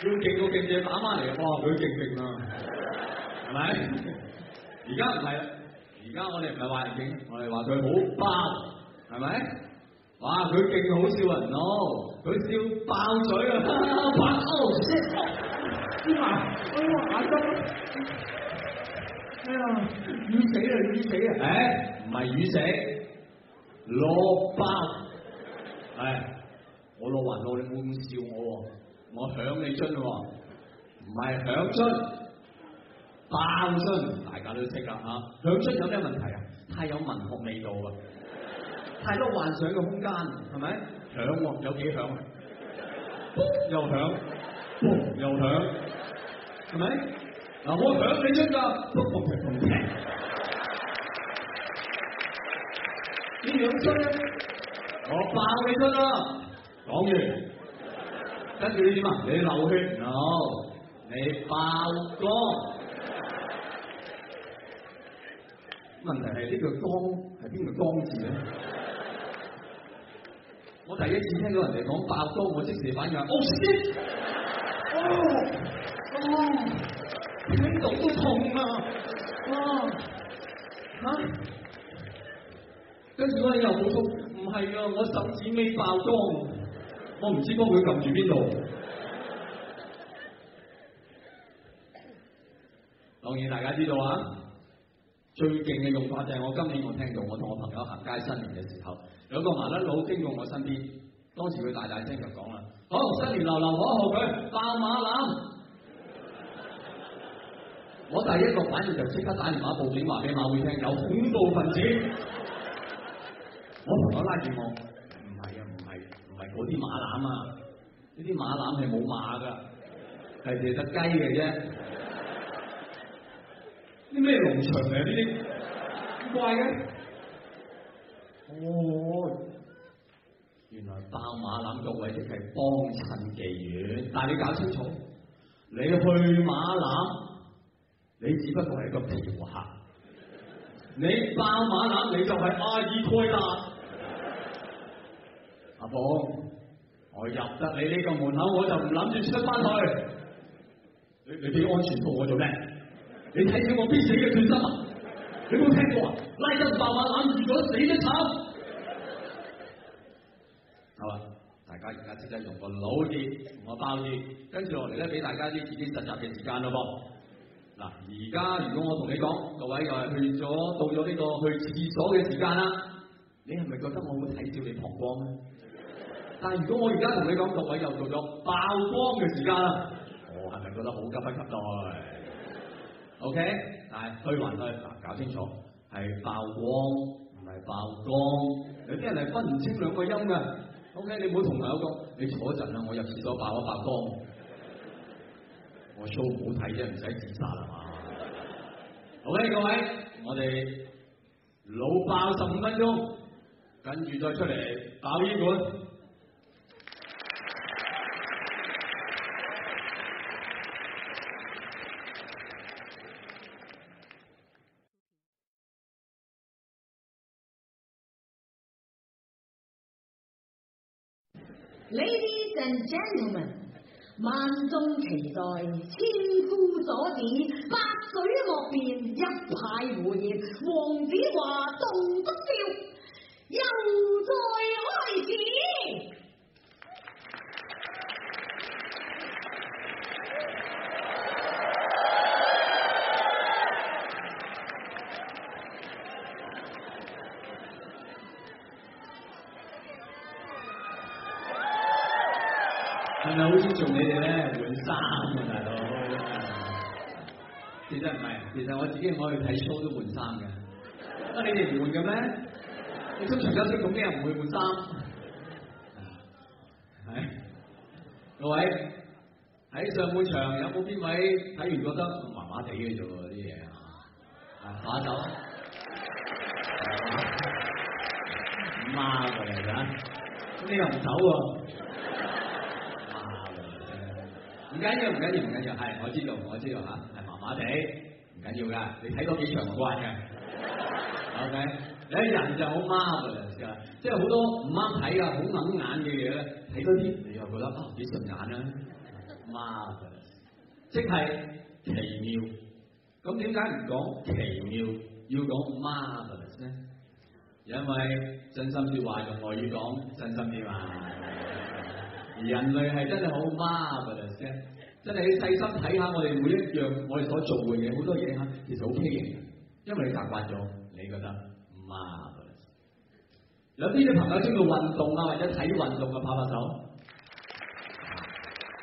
要勁過勁嘅打翻嚟，話佢勁唔勁啊？係咪？而家唔係啦，而家我哋唔係話人勁，我哋話佢好爆，係咪？哇！佢勁到好笑人咯，佢笑爆嘴啊，白色。哇！哎呀，眼金，哎呀，瘀死啊，瘀死啊！誒，唔係瘀死，落班。係我老還老，你冇咁笑我。我響你樽，唔係響樽，爆樽，大家都識啦吓。響樽有咩問題啊？太有文學味道啊！太多幻想嘅空間，係咪？響有幾響？又響，又響。係咪？嗱、啊，我響你出噶，不公平，唔平。你兩出咧，我爆你出啦。講完，跟住你點啊？你流血，冇、No？你爆缸？問題係呢個缸係邊個缸字咧？我第一次聽到人哋講爆缸，我即時反應，哦先，哦。哦，你手都痛啦！啊，跟住我又友補唔係啊，我手、那個、指尾爆光，我唔知幫佢撳住邊度。當然大家知道啊，最勁嘅用法就係我今年我聽到，我同我朋友行街新年嘅時候，有一個麻甩佬經過我身邊，當時佢大大聲就講啦，好、哦、新年流流火賀佢爆馬林！我第一個反應就即刻打電話報警，話畀馬會聽有恐怖分子。我同佢拉住我，唔係呀，唔係，唔係嗰啲馬攬啊，呢啲馬攬係冇馬㗎，係食得雞嘅啫。啲咩農場嚟啊？呢啲咁怪嘅啊。哦，原來扮馬攬個位置係幫襯妓院，但你搞清楚，你去馬攬。你只不過係個嫖客，你爆馬攬你就係阿爾蓋達，阿哥，我入得你呢個門口，我就唔諗住出得翻去你你。你你俾安全套我做咩？你睇住我必死嘅決心，你冇聽過？拉登爆馬攬住咗死得慘。好啊，大家而家即係用個腦啲，同我爆啲，跟住落嚟咧，俾大家啲自己實習嘅時間咯噃。嗱，而家如果我同你講，各位又係去咗到咗呢個去廁所嘅時間啦，你係咪覺得我會睇照你膀胱咧？但係如果我而家同你講，各位又到咗曝光嘅時間啦，我係咪覺得好急不及待？OK，但係對還對，嗱，搞清楚係曝光唔係曝光，有啲人係分唔清兩個音嘅。OK，你唔好同朋友講，你坐一陣啊，我入廁所爆一爆光。我 show 好睇啫，唔使自殺係嘛？OK，各位，我哋老爆十五分鐘，跟住再出嚟打邊館 。Ladies and gentlemen。萬眾期待，千夫所指，百口莫辯，一派胡言。黃子華，棟篤笑，又再開始。好尊重你哋咧，換衫啊，大佬。其實唔係，其實我自己我去睇 show 都換衫嘅。乜你哋唔換嘅咩？你中場休息，咁你又唔會換衫。係，各位喺上半場有冇邊位睇完覺得麻麻地嘅啫喎？啲嘢啊，下下走。媽㗎嚟噶，咁你又唔走喎？唔緊要，唔緊要，唔緊要，係我知道，我知道嚇，係麻麻地，唔緊要噶，你睇多幾場無關嘅，OK，你人就好 marvelous 嘅，即係好多唔啱睇嘅好揼眼嘅嘢咧，睇多啲你又覺得啊幾順眼啊，marvelous，即係奇妙。咁點解唔講奇妙，要講 marvelous 咧？因為真心啲話仲可以講真心啲話嘛，而人類係真係好 marvelous。真係你細心睇下我哋每一樣我哋所做嘅嘢，好多嘢啊，其實 OK 嘅，因為你習慣咗，你覺得唔啊？有啲啲朋友中意運動啊，或者睇運動嘅，拍拍手，啊、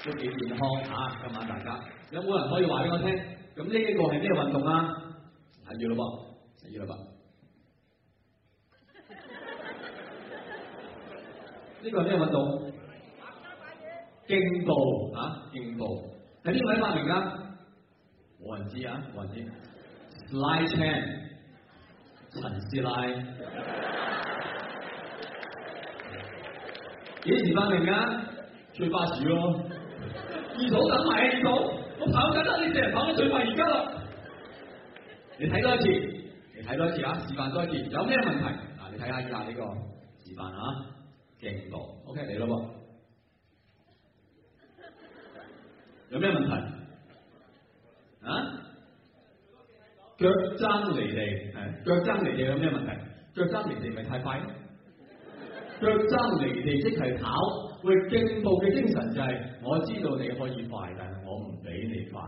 都幾健康吓、啊。今晚大家有冇人可以話俾我聽？咁呢個係咩運動啊？就要喇噃，就要喇噃。呢個係咩運動？ 勁步啊，勁步，喺邊位發明噶？冇人知啊，冇人知。拉車，陳師奶。幾時發明噶？坐巴士咯。二嫂等埋啊，二嫂，我跑緊啦，你哋人跑得最快而家啦。你睇多一次，你睇多一次啊，示範多一次。有咩問題？嗱，你睇下依家呢個示範啊，勁步，OK，你咯噃。有咩問題啊？腳踭離地，係腳踭離地有咩問題？腳踭離地咪太快？腳踭離地即係跑，會，競步嘅精神就係我知道你可以快，但係我唔俾你快。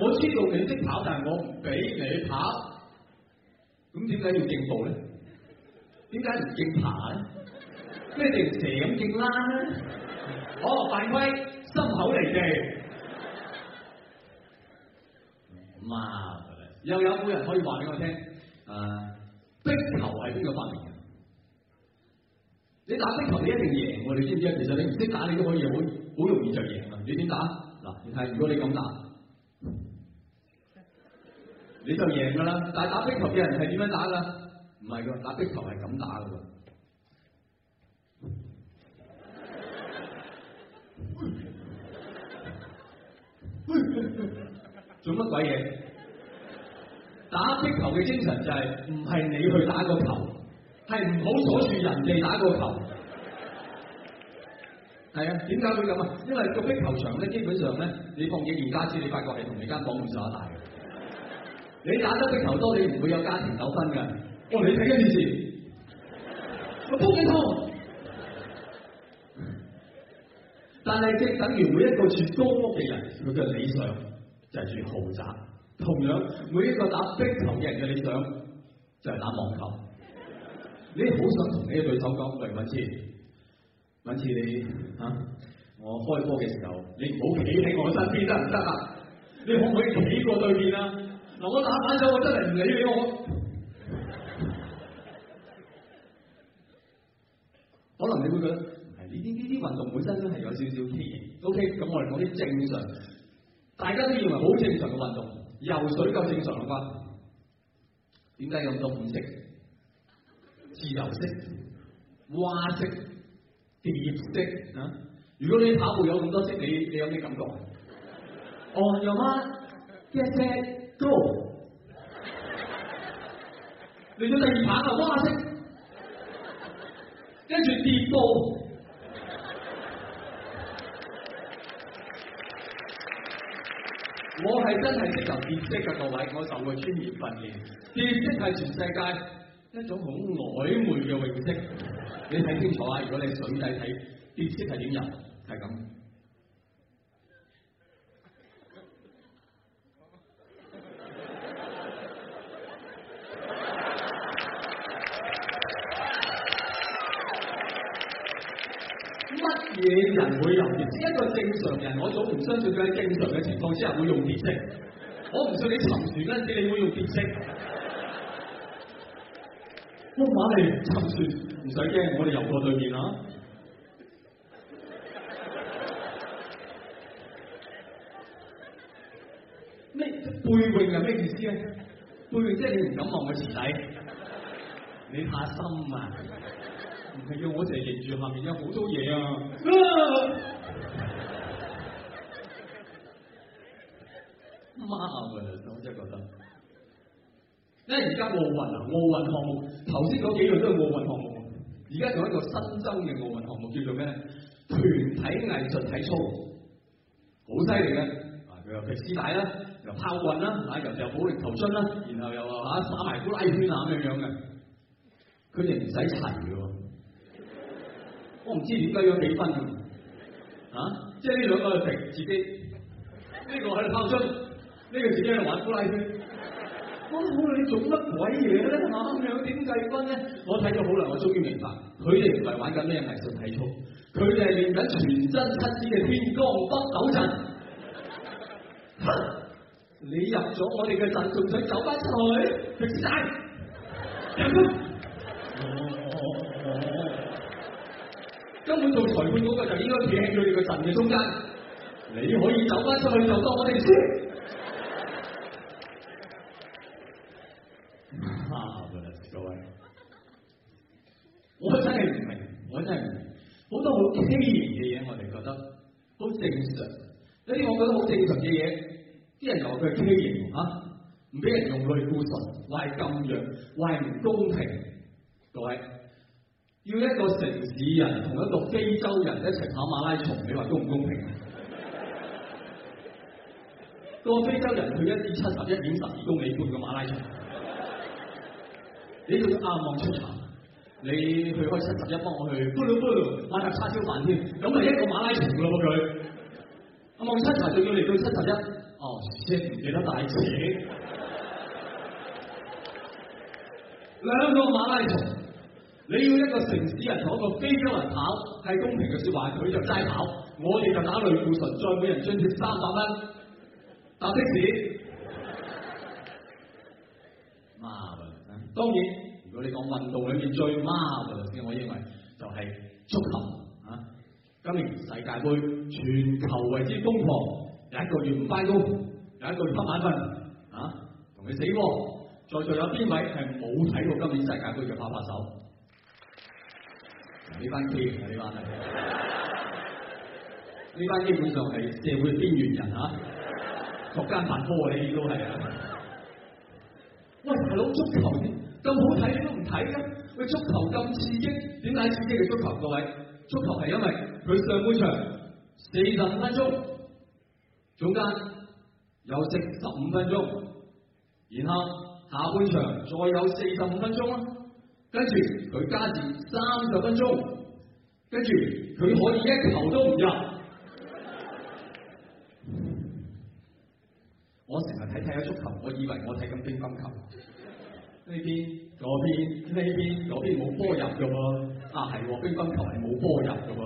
我知道你識跑，但係我唔俾你跑。咁點解要競步咧？點解唔勁爬咧？咩哋成日咁勁拉咧？哦，犯規！心口嚟嘅，媽的！又有冇人可以話俾我聽？誒，壁球係邊個發明嘅？你打壁球你一定贏，我哋知唔知啊？其實你唔識打你都可以好好容易就贏啊！你點打？嗱，你睇，如果你咁打，你就贏噶啦。但係打壁球嘅人係點樣打噶？唔係噶，打壁球係咁打噶。做乜鬼嘢？打壁球嘅精神就係唔係你去打個球，係唔好阻住人哋打個球。係啊，點解會咁啊？因為個壁球場咧，基本上咧，你放幾件家私，你發覺你同你間房咁上下大嘅。你打得壁球多，你唔會有家庭糾紛嘅。哇，你睇緊電視？個煲緊湯。但係即等於每一個住高屋嘅人，佢嘅理想就係住豪宅；同樣每一個打壁球嘅人嘅理想就係打網球。你好想同你嘅對手講句，揾次，揾次你嚇、啊，我開波嘅時候，你唔好企喺我身邊得唔得啊？你可唔可以企過對面啊？嗱，我打反手我真係唔理你我、啊。 可能你會覺得。呢啲啲運動本身都係有少少畸形。OK，咁我哋講啲正常，大家都認為好正常嘅運動，游水夠正常啦啩？點解有咁多種式？自由式、蛙式、蝶式啊！如果你跑步有咁多式，你你有咩感覺？On your mark, get set, go。嚟到第二棒啊，蛙式，跟住蝶步。我係真係識受蝶式嘅各位，就是、我受過專業訓練，蝶式係全世界一種好曖昧嘅泳式， 你睇清楚啊！如果你水底睇，蝶式係點入，係、就、咁、是。會用蝶式，我唔信你沉船陣時你會用蝶式。 我話你沉船唔使驚，我哋游過對面啊。咩背泳係咩意思咧？背泳即係你唔敢望個池底，你，不 你怕深啊？唔係叫我哋住下面有好多嘢啊！ 媽啊！我真係覺得，因為而家奧運啊，奧運項目，頭先嗰幾個都係奧運項目，而家仲有一個新增嘅奧運項目叫做咩？團體藝術體操，好犀利嘅。佢又佢師奶啦，又炮運啦，啊又又保齡球樽啦，然後又啊耍埋呼拉圈啊咁樣樣嘅，佢哋唔使齊嘅，我唔知點解要幾分啊？即係呢兩個喺度自己呢、呢個喺拋樽呢個時間係玩呼拉圈，我估你做乜鬼嘢咧？咁樣點計分咧？我睇咗好耐，我終於明白，佢哋唔係玩緊咩藝術體操，佢哋係練緊全真七子嘅天罡北斗陣。你入咗我哋嘅陣，仲想走翻出去？徐師弟，入去。哦。根本做裁判嗰個就應該企喺佢哋嘅陣嘅中間。你可以走翻出去，就當我哋先。我真係唔明，我真係唔明，好多好畸形嘅嘢，我哋覺得好正常。有啲我覺得好正常嘅嘢，啲人就話佢畸形吓，唔、啊、俾人用類固醇，話係禁藥，話係唔公平。各位，要一個城市人同一個非洲人一齊跑馬拉松，你話公唔公平？ 個非洲人佢一點七十一點十二公里半嘅馬拉松，你叫啱阿望出場。你去開七十一幫我去嗰度嗰度買碟叉燒飯添，咁咪一個馬拉松咯，佢阿望七財仲要嚟到七十一，哦，先唔記得帶錢，兩個馬拉松，你要一個城市人同一個非洲人跑，係公平嘅説話，佢就齋跑，我哋就打類固醇，再每人津貼三百蚊搭的士，當然。如果你講運動裏面最 master，我認為就係足球。啊，今年世界盃全球為之瘋狂，有一個月唔翻工，有一個月冚眼瞓，啊，同你死喎！在座有邊位係冇睇過今年世界盃嘅？拍拍手。呢班基，呢班，呢班基本上係社會邊緣人啊，作奸犯科嘅都係。喂，大佬，足球點？咁好睇你都唔睇嘅，佢足球咁刺激，點解刺激嘅足球各位？足球係因為佢上半場四十五分鐘，中間休息十五分鐘，然後下半場再有四十五分鐘啦，跟住佢加時三十分鐘，跟住佢可以一球都唔入。 我成日睇睇下足球，我以為我睇緊乒乓球。呢邊嗰邊呢邊嗰邊冇波入嘅喎。啊，係喎，乒乓球係冇波入嘅喎。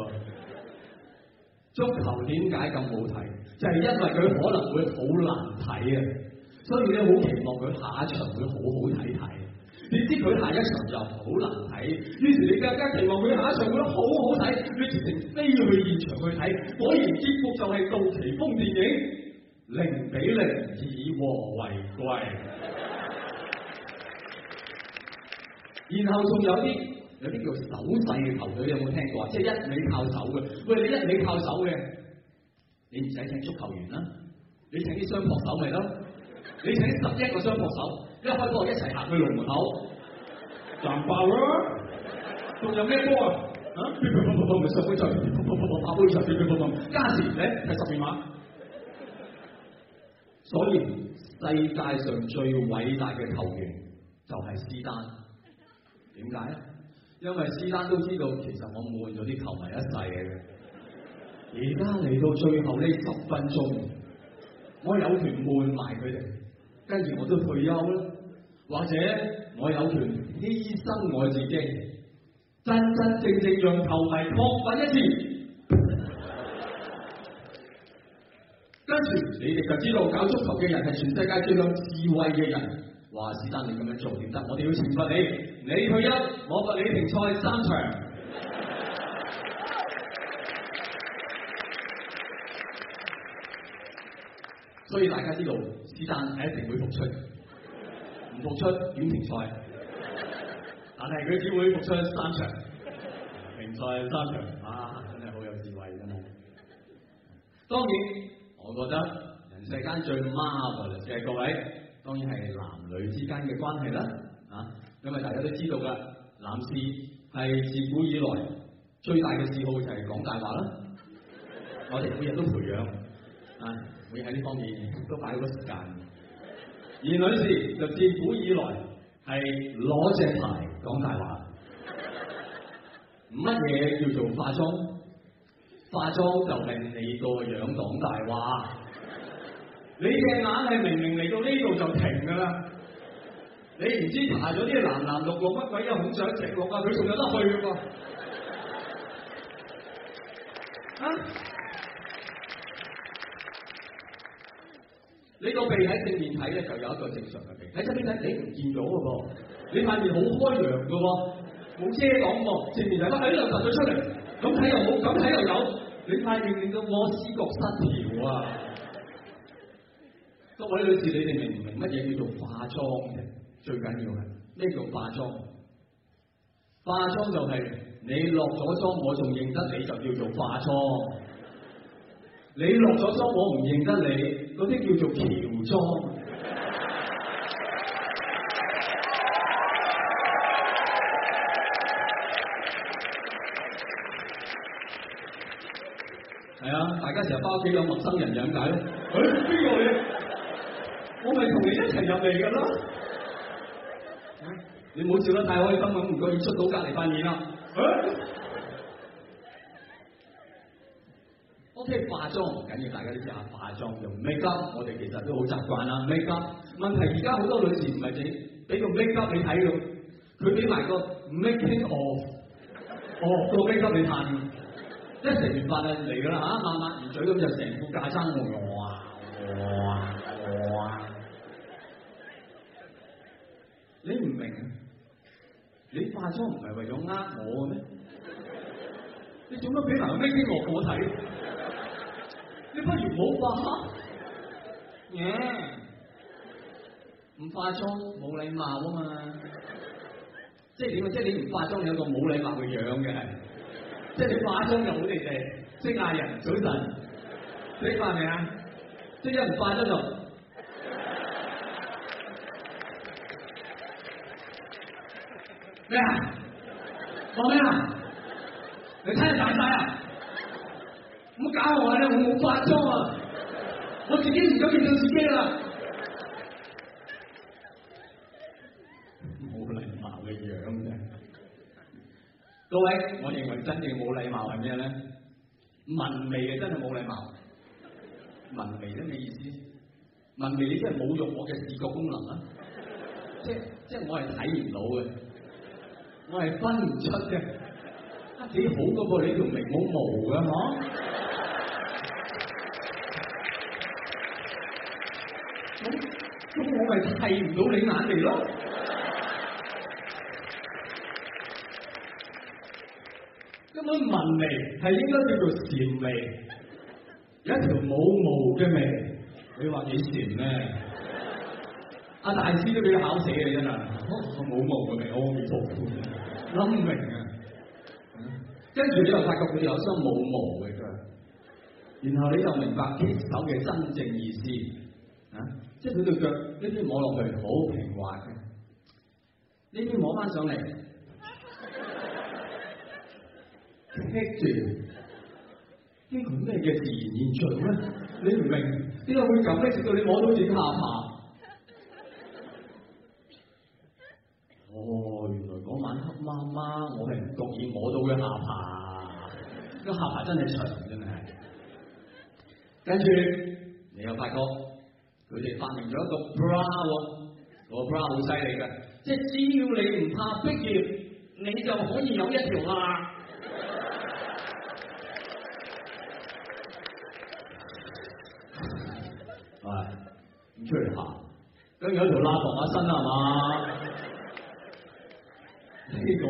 足球點解咁好睇？就係因為佢可能會好難睇啊，所以咧好期望佢下一場會好好睇睇。你知佢下一場又好難睇，於是你更加期望佢下一場會好好睇，你直情飛去現場去睇，果然結局就係杜琪峰電影零比零以和為貴。然後仲有啲有啲叫手勢嘅球隊，你有冇聽過啊？即係一味靠手嘅，喂，你一味靠手嘅，你唔使請足球員啦，你請啲雙膊手咪咯，你請十一個雙膊手，一開波一齊行去龍門口，賺爆啦！仲有咩波啊？啊？唔上杯賽，拍杯賽，加時嚟係十二碼。所以世界上最偉大嘅球員就係斯丹。點解咧？因為斯丹都知道，其實我悶咗啲球迷一世嘅。而家嚟到最後呢十分鐘，我有權悶埋佢哋，跟住我都退休啦。或者我有權犧牲我自己，真真正正讓球迷亢奮一次。 跟住你哋就知道搞足球嘅人係全世界最有智慧嘅人。話史丹你咁樣做點得？我哋要懲罰你，你退一，我罰你停賽三場。 所以大家知道史丹係一定會復出，唔復出點停賽， 但係佢只會復出三場， 停賽三場。哇、啊，真係好有智慧咁啊、嗯！當然，我覺得人世間最 marvel 嘅係各位。當然係男女之間嘅關係啦，啊，因為大家都知道噶，男士係自古以來最大嘅嗜好就係講大話啦，我哋每日都培養，啊，每喺呢方面都擺好多時間。而女士就自古以來係攞隻牌講大話，乜嘢叫做化妝？化妝就係你個樣講大話。你隻眼係明明嚟到呢度就停噶啦，你唔知爬咗啲藍藍綠綠乜鬼啊，孔雀石綠啊，佢仲有得去喎。啊？你個鼻喺正面睇咧就有一個正常嘅鼻，喺側邊睇，你唔見到喎，你塊面好開揚噶喎，冇遮擋喎，正面睇乜鬼都浮咗出嚟，咁睇又好，咁睇又有，你塊面令到我視覺失調啊！各位女士，你哋明唔明乜嘢叫做化妝嘅？最緊要係，咩叫化妝？化妝就係、是、你落咗妝，我仲認得你就叫做化妝。你落咗妝，我唔認得你，嗰啲叫做喬裝。係啊， 大家成日翻屋企有陌生人引解。咧。邊、欸、個你一齊入嚟噶啦！你唔好笑得太開心咁，唔該要出到隔籬扮演啊！OK，化妝唔緊要，大家都知道化妝就 makeup，我哋其實都好習慣啦。makeup 問題而家好多女士唔係整，俾個 makeup 你睇嘅，佢俾埋個 makeup 哦，哦個 makeup 你嘆，一食完飯嚟噶啦吓，抹唔住咁就成副架生餓啊餓啊餓啊！你化妝唔係為咗呃我嘅咩？你做乜俾男人咩先落我睇？你不如冇化，誒，唔化妝冇禮貌啊嘛，即係點啊？即係你唔化妝你有個冇禮貌嘅樣嘅係，即係你化妝就好啲嘅，即係嗌人早晨，你化未啊？即係一唔化妝就。咩啊？講咩啊？你真係大晒啊？唔好搞我咧，我冇化妝啊！我自己唔想面對自己啦。冇禮貌嘅樣嘅，各位，我認為真正冇禮貌係咩咧？文眉嘅真係冇禮貌，文眉咩意思？文眉你真係侮辱我嘅視覺功能啊！即係即係我係睇唔到嘅。我係分唔出嘅，幾好噶噃？你條眉冇毛嘅嗬？咁、啊、咁、 啊啊、我咪睇唔到你眼眉咯？啊、 根本紋眉係應該叫做禪眉，一條有一條冇毛嘅眉，你話幾禪咧？阿、 啊、大師都俾佢考死的啊！真係，我冇毛嘅眉，我未做。諗唔明啊！跟住你又發覺佢有雙冇毛嘅腳，然後你又明白棘手嘅真正意思啊！即係佢對腳呢邊摸落去好平滑嘅，呢邊摸翻上嚟棘住，呢啲咁咩嘅自然現象咩？你唔明點解會咁咩？直到你摸到好似爬爬。媽媽，我係唔覺意摸到佢下巴。個下巴真係長真係。跟住你又發覺佢哋發明咗一個 bra，個 bra 好犀利嘅，即係只要你唔怕畢業，你就可以有一條啦。唔、 哎、出嚟行，跟住一條拉蕩下身係嘛？呢個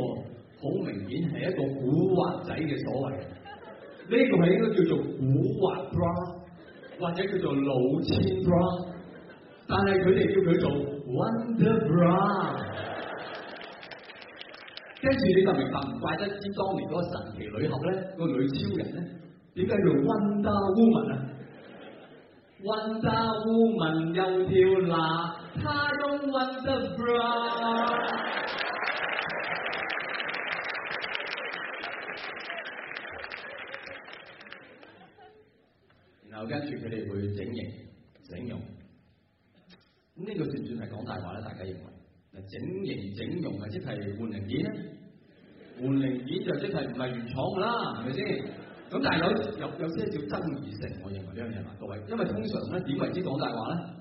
好明顯係一個古惑仔嘅所謂，呢個係應該叫做古惑 bra，或者叫做老千 bra，但係佢哋叫佢做 Wonderbra。跟住你就明白唔怪得之當年嗰個神奇女俠咧，個女超人咧，點解叫 Wonder Woman 啊？Wonder Woman 又跳啦，她用 Wonderbra。有跟住佢哋會整形、整容，咁呢個算唔算係講大話咧？大家認為？嗱，整形、整容或者係換零件咧？換零件就即係唔係原廠噶啦，係咪先？咁 但係有有有些少爭議性，我認為呢樣嘢啦，各位，因為通常咧點為之講大話咧？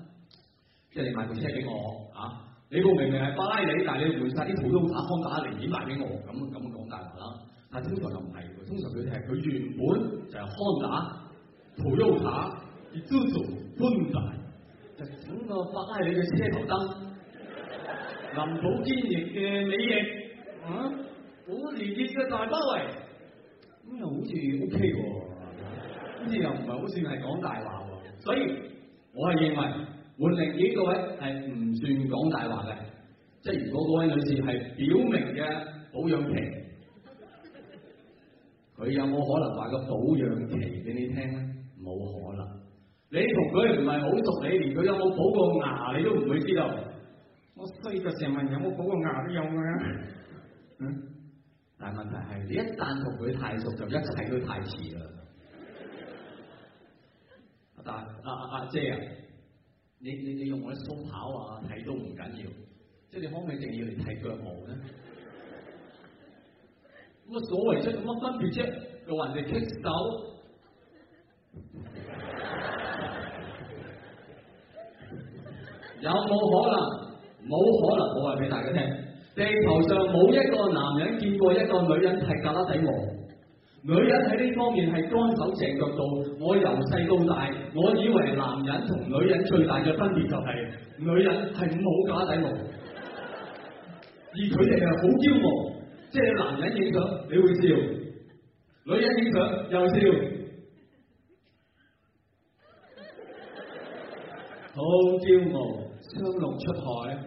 即係你買部車俾我啊，你部明明係巴拉利，但係你換晒啲普通打康打零件賣俾我，咁咁講大話啦。但通常就唔係，通常佢哋係佢原本就係康打。蒲肉茶而租租寬大，就整個法拉利你嘅車頭燈，林寶堅尼嘅尾翼，啊，古時結嘅大包圍，咁又好似 OK 喎，好似又唔係好算係講大話喎，所以我係認為換零件嗰位係唔算講大話嘅，即係如果嗰位女士係表明嘅保養期，佢有冇可能話個保養期俾你聽咧？冇可能，你同佢唔係好熟，你連佢有冇補過牙，你都唔會知道。我衰嘅成日問有冇補過牙都有嘅，啊，嗯。但係問題係，你一旦同佢太熟，就一切都太遲啦。但阿阿阿姐啊，啊姐你你你用我啲梳跑啊睇都唔緊要，即係你可唔可以淨要睇腳毛咧？咁啊，所謂啫，有乜分別啫？同人哋棘手。 有冇可能？冇可能！我話俾大家聽，地球上冇一個男人見過一個女人係假底毛。女人喺呢方面係乾手淨腳到。我由細到大，我以為男人同女人最大嘅分別就係、是，女人係冇假底毛，而佢哋係好驕傲。即係男人影相你會笑，女人影相又會笑。好驕傲，雙龍出海。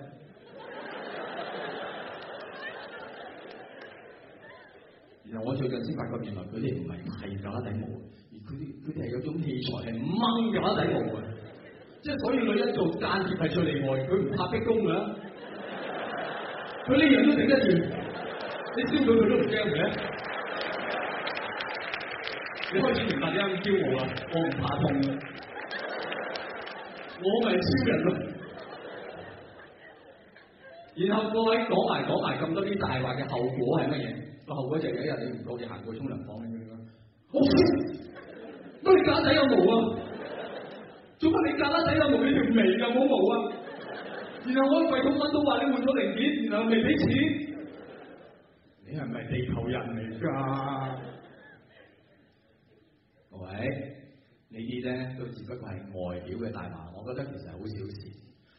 而我最近先發覺，原來佢哋唔係睇假底毛，而佢哋佢哋係有種器材係掹假底毛嘅。即係所以，女人做間諜係最厲害，佢唔怕逼供㗎。佢呢樣都頂得住，你知唔知佢都唔驚嘅？你開始明白啲驕傲啦，我唔怕痛。我咪超人咯！然後各位，講埋講埋咁多啲大話嘅後果係乜嘢？個後果就係：一日你唔覺意，你行過沖涼房咁樣咯。我咩？我哋架仔有毛啊？做乜你架仔有毛？你條眉有冇毛啊？然後我櫃桶都話你換咗零件，然後未俾錢。你係咪地球人嚟噶？各位，呢啲咧都只不過係外表嘅大話。我覺得其實係好小事，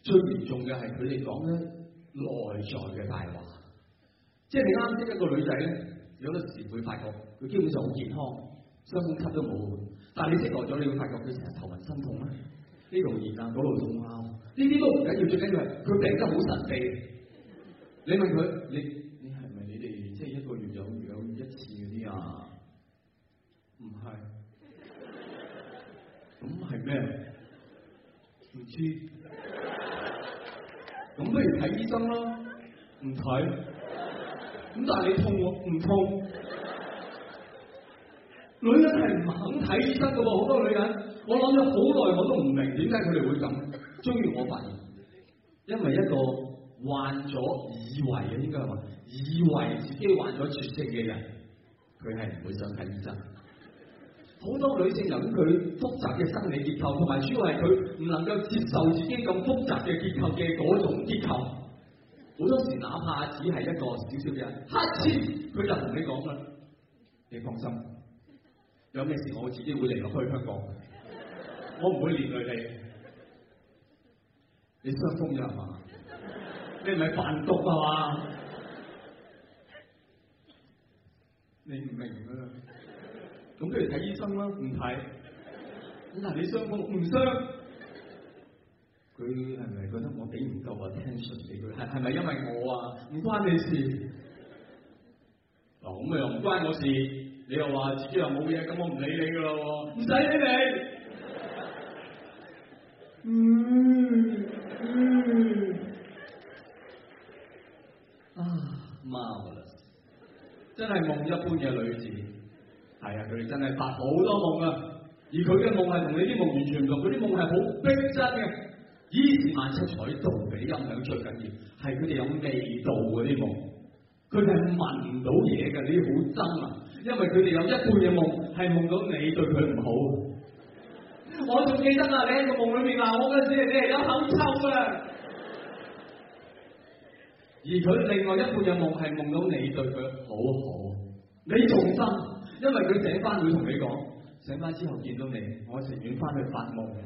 最嚴重嘅係佢哋講咧內在嘅大話，即係你啱識一個女仔咧，有陣時會發覺佢基本上好健康，傷風吸都冇，但係你識耐咗，你會發覺佢成日頭暈心痛啊，呢度熱啊，嗰度痛啊，呢啲都唔緊要，最緊要係佢病得好神秘。你問佢，你？咁不如睇醫生啦，唔睇，咁但係你痛喎，唔痛。女人係唔肯睇醫生噶噃，好多女人，我諗咗好耐，我都唔明點解佢哋會咁。終於我發現，因為一個患咗以為嘅應該係話以為自己患咗絕症嘅人，佢係唔會想睇醫生。好多女性人佢複雜嘅生理結構，同埋主要係佢唔能夠接受自己咁複雜嘅結構嘅嗰種結構。好多時哪怕只係一個少少嘅人，下次，佢就同你講啦。你放心，有咩事我自己會離落去香港，我唔會連累你。你收風啫嘛？你唔係販毒係嘛？你唔明啊？咁不如睇醫生啦，唔睇。咁嗱，你傷唔唔傷？佢係咪覺得我俾唔夠 attention 俾佢？係係咪因為我啊？唔關你事。嗱，咁又唔關我事。你又話自己又冇嘢，咁我唔理你噶咯。唔使理你。嗯嗯。啊，Mauds，真係夢一般嘅女子。係啊，佢哋真係發好多夢啊，而佢嘅夢係同你啲夢完全唔同，嗰啲夢係好逼真嘅，衣是萬七彩，做俾音響最緊要，係佢哋有味道嗰啲夢，佢哋係聞唔到嘢嘅，你好憎啊，因為佢哋有一半嘅夢係夢到你對佢唔好，我仲記得啊，你喺個夢裏面啊，我嗰陣時你有口臭啦，而佢另外一半嘅夢係夢到你對佢好好，你仲憎。因為佢醒翻會同你講，醒翻之後見到你，我情願翻去發夢。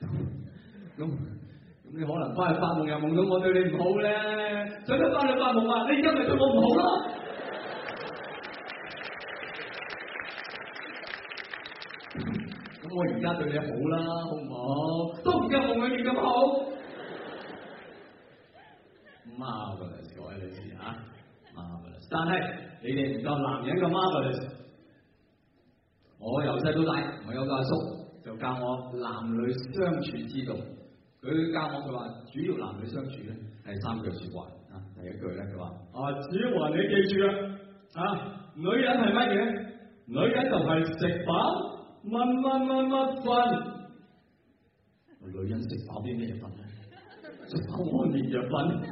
咁 咁， 你可能翻去發夢又夢到我對你唔好咧，想唔想翻去發夢啊？你而家咪對我唔好咯？咁我而家對你好啦，好唔好？ 都唔夠夢裏面咁好。媽個啦，各位女士嚇，媽個啦，Marvelous，但係。你哋唔夠男人嘅 mother，我由細到大，我有個阿叔就教我男女相處之道。佢教我佢話，主要男女相處咧係三句說話。啊，第一句咧佢話，啊，主要話你記住啦，啊，女人係乜嘢？女人就係食飯，分分分分分。女人食飽啲咩分咧？食半年嘅分，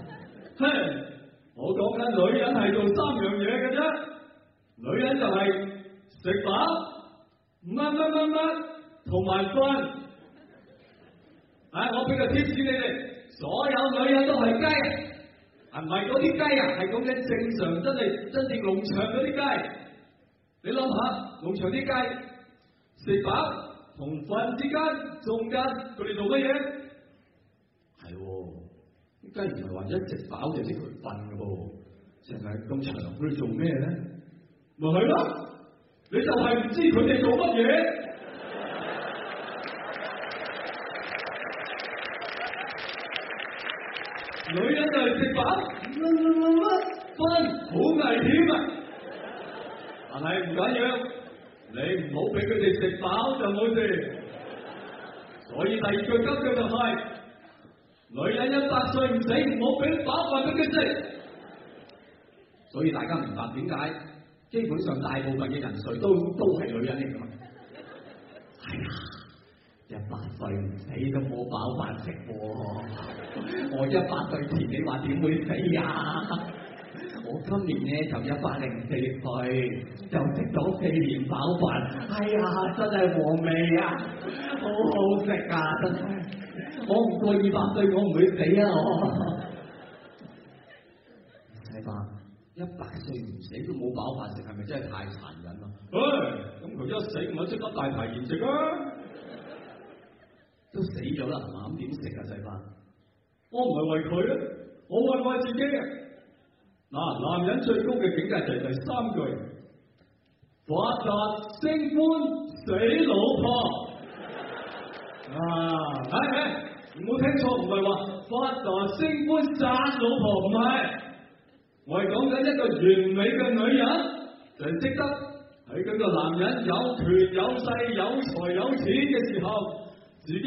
哼。我講緊女人係做三樣嘢嘅啫，女人就係食飽、乜乜乜乜同埋瞓。啊！我俾個貼士你哋，所有女人都係雞，係唔係嗰啲雞啊？係咁嘅正常，真係真正農場嗰啲雞。你諗下，農場啲雞食飽同瞓之間，中間佢哋做乜嘢？係。梗係唔係話一食飽就去瞓噶噃，淨係咁長佢做咩咧？咪係咯，你就係唔知佢哋做乜嘢。女人就係食飽乜乜乜乜瞓，好危險啊！但係唔緊要，你唔好俾佢哋食飽就冇事。所以第二句、第三句就係。女人一百歲唔死，冇俾飽飯俾佢食。所以大家明白點解，基本上大部分嘅人瑞都都係女人嚟噶。係啊，一百歲唔死都冇飽飯食。我一百歲前你話點會死啊？我今年咧就一百零四歲，就食咗四年飽飯。哎呀，真係和味啊，好好食啊，真係。我唔過二百歲，我唔會死啊！我細巴一百歲唔死都冇飽飯食，係咪真係太殘忍啊？喂、哎，咁佢一死咪即刻大排筵席啊？都死咗啦，咁點食啊？細巴，我唔係為佢啊，我為為自己啊！嗱、啊，男人最高嘅境界就係第三句： 發達升官，死老婆 啊！嚟、哎哎你冇聽錯，唔係話發達升官耍老婆，唔係，我係講緊一個完美嘅女人就係識得，喺嗰個男人有權有勢有財有錢嘅時候，自己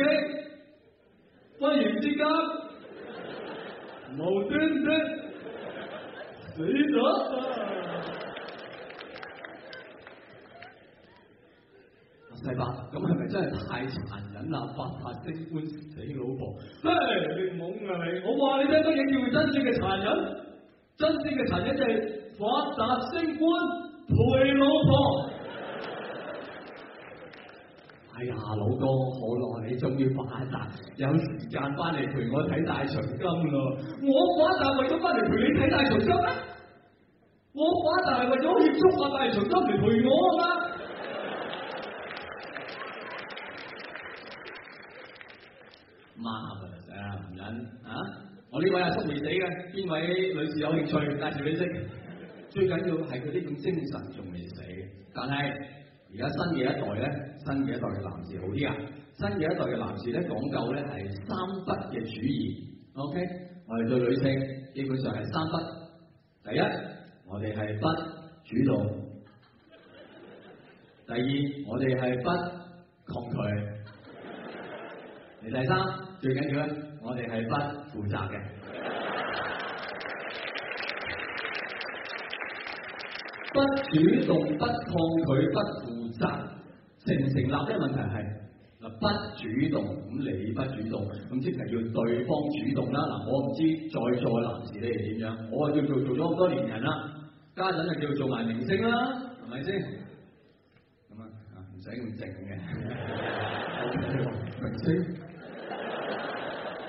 忽然之間無端端死咗。細伯，咁係咪真係太殘忍啦？發達升官死老婆，嘿，你懵啊你！我話你聽乜嘢叫真正嘅殘忍，真正嘅殘忍就係發達升官陪老婆。 哎呀，老哥好耐，你終於發達，有時間翻嚟陪我睇大長今咯。我發達為咗翻嚟陪你睇大長今，我發達係為咗慶祝我大長今嚟陪我啊嘛。媽嘅，誒，男人啊，我呢位阿叔未死嘅，邊位女士有興趣介紹俾佢識？最緊要係佢呢種精神仲未死。但係而家新嘅一代咧，新嘅一代嘅男士好啲啊！新嘅一代嘅男士咧，講究咧係三不嘅主義。OK，我哋對女性基本上係三不：第一，我哋係不主動；第二，我哋係不抗拒；嚟第三。最緊要咧，我哋係不負責嘅，不主動、不抗拒、不負責。成唔成立呢個問題係，嗱，不主動咁你不主動，咁即係要對方主動啦。嗱，我唔知在座嘅男士你哋點樣，我啊叫做做咗咁多年人啦，家陣就叫做埋明星啦，係咪先？咁啊，唔使咁靜嘅，明星。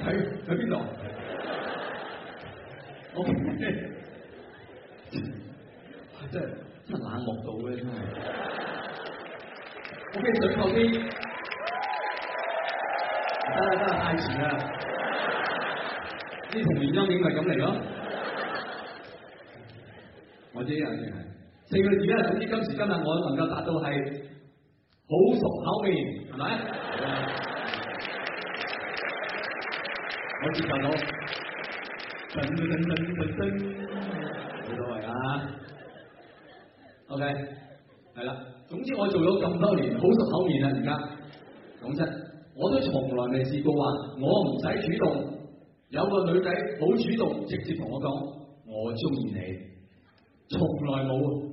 喺喺邊度？OK，真係真係冷漠到嘅真係，OK，整好啲，得啦得啦，開始啦，啲童年陰影點解咁嚟咯，我知啊，正啊，四個字呢，總之今時今日我能夠達到係好熟口面，係咪？我接受到冇所謂啊。OK，係啦。總之我做咗咁多年，好熟口面啦。而家講真，我都從來未試過話我唔使主動，有個女仔好主動，直接同我講我中意你，從來冇。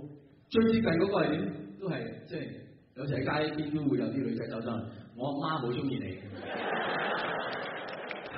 最接近嗰個係點？都係即係有時喺街邊都會有啲女仔走我媽冇中意你。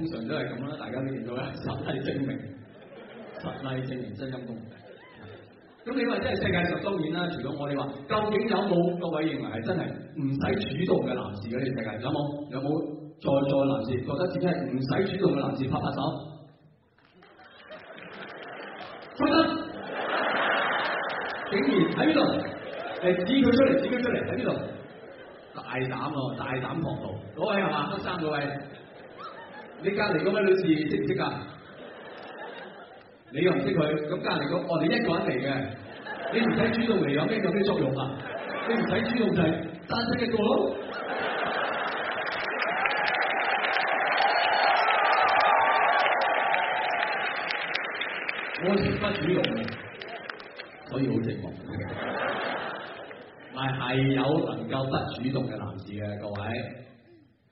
通常都係咁啦，大家都見到咧，實例證明，實例證明真陰功。咁你話真係世界上當然啦，除咗我哋話，究竟有冇各位認為係真係唔使主動嘅男士嘅呢個世界有冇？有冇在座男士覺得自己係唔使主動嘅男士拍拍手？先生，竟然喺呢度？係指佢出嚟，指佢出嚟，喺呢度。大膽喎，大膽狂徒，嗰位係嘛？黑衫嗰位。你隔離嗰位女士識唔識啊？你又唔識佢，咁隔離嗰，我哋一個人嚟嘅，你唔使主動嚟有咩有咩作用啊？你唔使主動就單身一個咯，我識不主動，所以好寂寞。唔係，係有能夠不主動嘅男士嘅各位。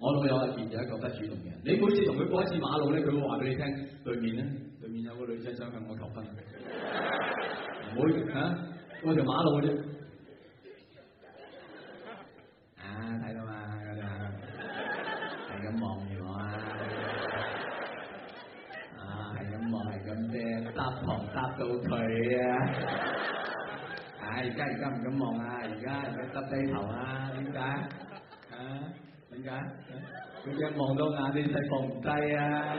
我老友啊，就係一個不主動嘅人，你每次同佢過一次馬路咧，佢會話俾你聽，對面咧，對面有個女仔想向我求婚。唔會嚇，過條馬路啫。啊，睇到嘛？係咁望住我啊！啊，係咁望，係咁啫，搭棚搭到腿啊！唉，而家而家唔敢望啊，而家而家耷低頭啊，點解？點解？佢、啊、一望到眼，啲勢放唔低啊！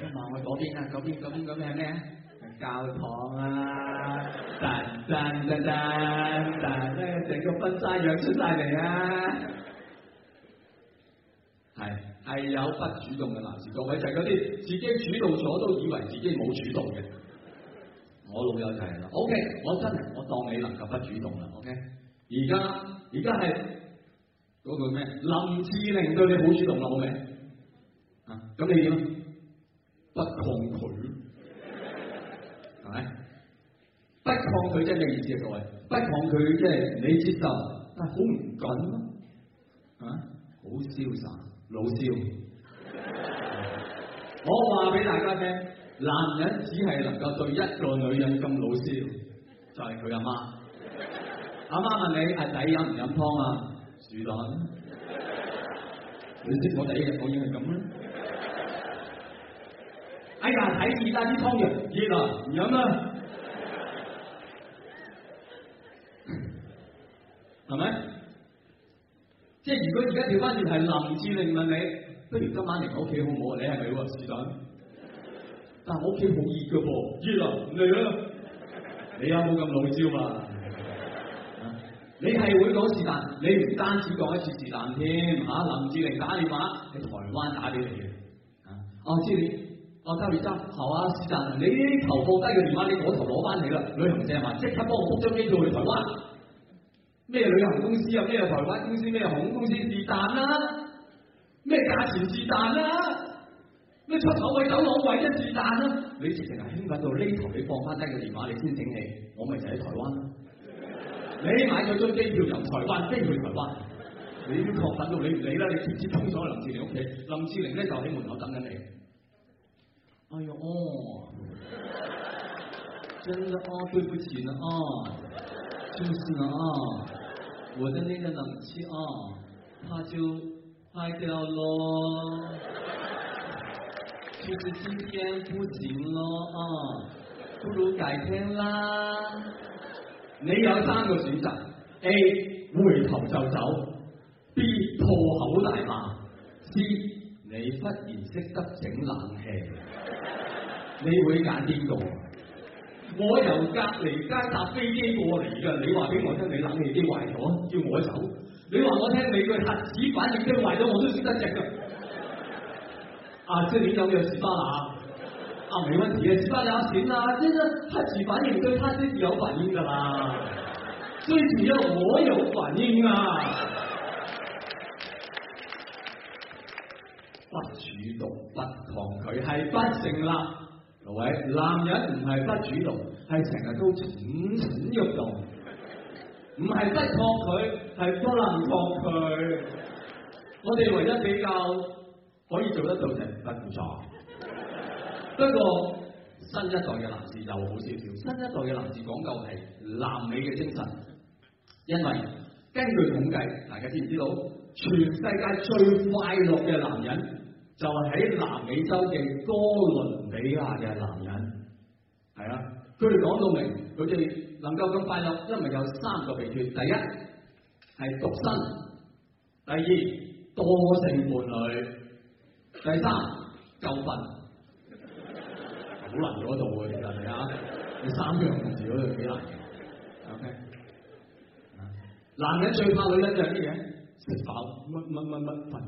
一望去嗰邊啊，嗰邊咁咁係咩啊？係教堂啊！噠噠噠噠噠，咧整個婚紗樣出晒嚟啊！係係有不主動嘅男士，各位就係嗰啲自己主動咗都以為自己冇主動嘅。我老友就係啦。O K，我真係我當你能夠不主動啦，O K。OK 而家而家係嗰個咩？林志玲對你好主動啦，好未？啊，咁你點不抗拒，係咪？不抗拒真嘅意思啊，各位，不抗拒即係你接受，但係好唔，啊，好瀟灑，老少。我話俾大家聽，男人只係能夠對一個女人咁老少，就係佢阿媽。阿媽問你阿仔飲唔飲湯啊？樹袋，你識我第一日，我以為咁咧。哎呀，睇住嗱啲湯藥，熱啦，唔飲啦，係咪？即係如果而家調翻轉係林志玲問你，不如今晚嚟我屋企好唔好啊？你係咪喎，樹袋？但係我屋企好熱㗎噃，熱啦，嚟啦，你有冇咁老招嘛？你係會講是但，你唔單止講一次是但添，吓，林志玲打電話喺台灣打俾你嘅，啊，我、啊、知你，我收住執，係啊！是但、啊，你呢頭放低個電話你嗰頭攞翻嚟啦，旅行社嘛，即刻幫我復張機票去台灣，咩旅行公司啊，咩台灣公司，咩航空公司是但啦，咩價、啊、錢是但啦，咩出口位等攞位一是但啦，你直情係興奮到呢頭你放翻低個電話你先醒起，我咪就喺台灣。你買咗張機票由台灣飛去台灣，你要狂等到你唔理啦，你直接衝上林志玲屋企，林志玲咧就喺門口等緊你。哎呦哦，真的啊、哦，對不起了啊、哦，就是啊，我的那個冷氣啊，它就壞掉咯，就是今天不行咯啊，不如改天啦。你有三個選擇：A. 回頭就走；B. 破口大罵；C. 你忽然識得整冷氣。 你會揀邊個？我由隔離街搭飛機過嚟㗎，你話俾我聽你冷氣機壞咗，叫我走；你話我聽你個核子反應堆壞咗，我都識得直㗎。 啊，即係點有呢個選擇啊？啊，沒問題，是大家錢啊，真是他起反應對，他是有反應的啦，最主要我有反應啊。不主動不抗拒是不成立，各位男人唔係不主動，係成日都蠢蠢欲動，唔係不抗拒，係不能抗拒。我哋唯一比較可以做得到就係不合作。不過新一代嘅男士就好少少，新一代嘅男士講究係南美嘅精神，因為根據統計，大家知唔知道？全世界最快樂嘅男人就係喺南美洲嘅哥倫比亞嘅男人，係啊！佢哋講到明，佢哋能夠咁快樂，因為有三個秘訣：第一係獨身，第二多性伴侶，第三救贖。好難嗰度嘅，其實係啊，你三樣同時嗰度幾難嘅。O K，男人最怕女人就係啲嘢，食飽，乜乜乜乜瞓。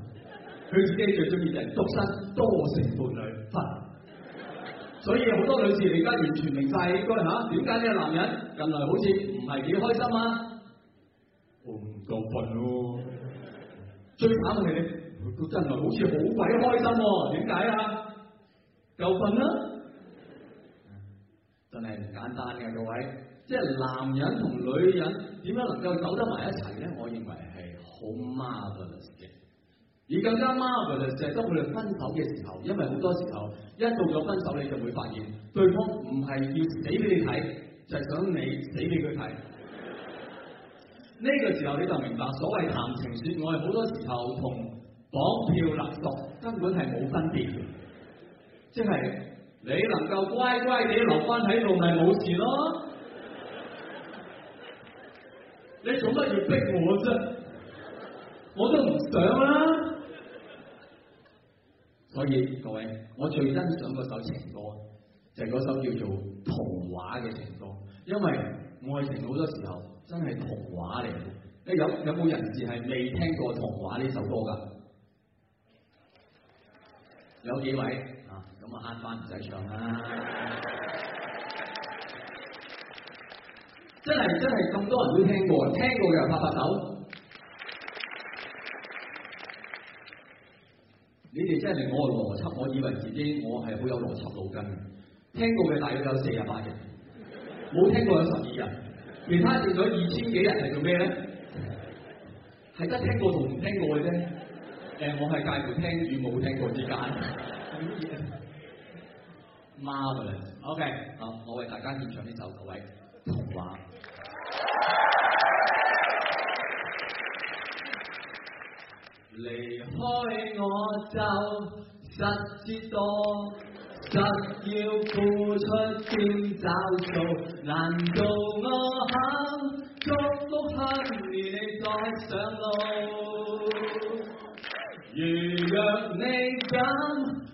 佢自己最中意就係獨身多性伴侶瞓。所以好多女士而家完全明晒，應該吓點解呢個男人近來好似唔係幾開心啊？我唔夠瞓咯。最慘係你，佢真係好似好鬼開心，點解啊？夠瞓啦。簡單嘅，各位，即係男人同女人點樣能夠走得埋一齊咧？我認為係好 m a r v 嘅，而更加 m a r v e 係當佢哋分手嘅時候，因為好多時候一到咗分手，你就會發現對方唔係要死俾你睇，就係、是、想你死俾佢睇。呢 個時候你就明白所謂談情說愛，好多時候同綁票勒索根本係冇分別，即係。你能夠乖乖地留翻喺度，咪冇事咯。你做乜要逼我啫？我都唔想啦、啊！所以各位，我最欣賞嗰首情歌，就係、是、嗰首叫做《童話》嘅情歌，因為愛情好多時候真係童話嚟嘅。你有有冇人知係未聽過《童話》呢首歌噶？有幾位？咁啊，慳翻唔使唱啦！真係，真係咁多人都聽過，聽過嘅人拍拍手。 你哋真係令我個邏輯，我以為自己我係好有邏輯腦筋。聽過嘅大約有四十八人，冇聽過有十二人，其他剩咗二千幾人係做咩咧？係得聽過同唔聽過嘅啫。誒、呃，我係介乎聽與冇聽過之間。 o k 好，我為大家獻唱呢首各位童話。離 開我就十字多。實要付出先找數。難道我肯祝福，恨你再上路？如若你敢。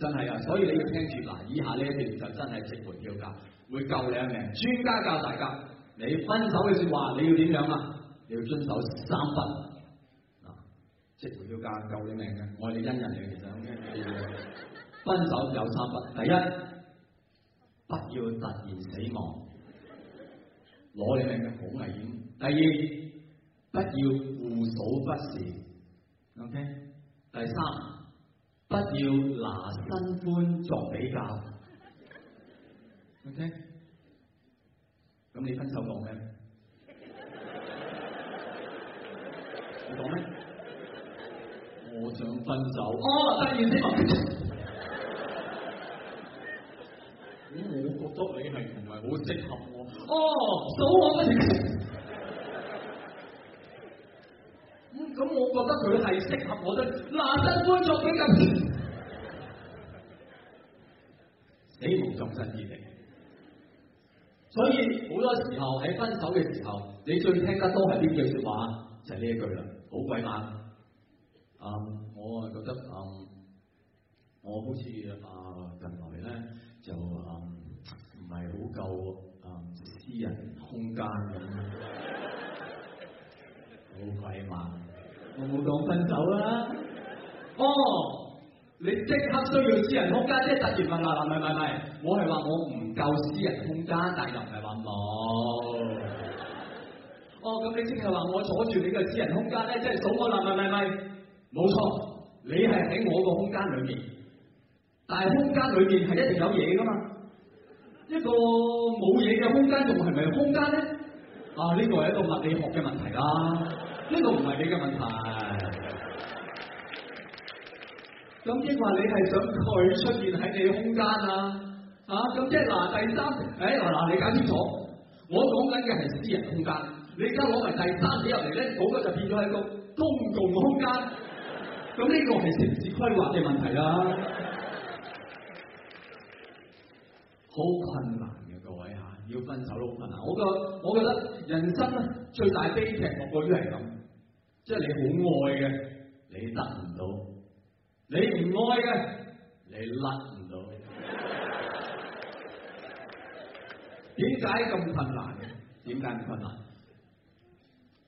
真係啊！所以你要聽住嗱，以下呢一段就真係直播票價，會救你命。專家教大家，你分手嘅說話你要點樣啊？你要遵守三不，嗱，直播票價救你命嘅。我哋恩人嚟，其實咁聽呢啲分手有三不：第一，不要突然死亡，攞你命嘅好危險；第二，不要互數不是，OK；第三。不要拿新歡作比較，OK？咁你分手講咩？你講咩？我想分手。哦，突然之間。咁我覺得你係唔係好適合我？哦，數我分。咁我覺得佢係適合我的，難得盔作比較平，死無葬身之地。所以好多時候喺分手嘅時候，你最聽得多係邊句説話？就係呢一句啦，好鬼慢。嗯嗯。啊，我係覺得啊，我好似啊近來咧就唔係好夠啊私人空間咁，好 鬼慢。我冇講分手啦。哦,你即刻需要私人空間，即係突然問啦，唔係唔係唔係，我係話我唔夠私人空間，但又唔係話我。哦，咁你先至話我坐住你嘅私人空間咧，即係數我啦，唔係唔係，冇錯，你係喺我個空間裏面，但係空間裏面係一定有嘢噶嘛，一個冇嘢嘅空間仲係咪空間咧？啊，呢個係一個物理學嘅問題啦。呢個唔係你嘅問題。啊，咁即係話你係想佢出現喺你嘅空間啊？吓，咁即係嗱第三，誒、哎，嗱、哎、你搞清楚，我講緊嘅係私人空間，你而家攞埋第三者入嚟，咧，嗰、那個就變咗係個公共空間，咁呢個係城市規劃嘅問題啦，好困難嘅各位吓，要分手都困難，我覺我覺得人生咧最大悲劇莫過於係咁。即係你好愛嘅，你得唔到；你唔愛嘅，你甩唔到。點解咁困難嘅？點解咁困難？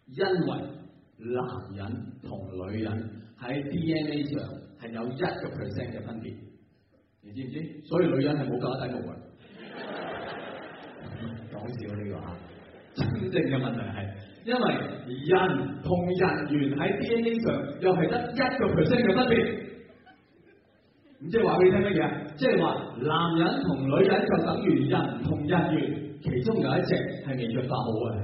因為男人同女人喺 DNA 上係有一個 percent 嘅分別，你知唔知？所以女人係冇架底嘅雲。講笑呢個啊！真正嘅問題係。因為人同人猿喺 DNA 上又係得一個 percent 嘅分別，咁即係話俾你聽乜嘢啊？即係話男人同女人就等於人同人猿，其中有一隻係未進化好嘅，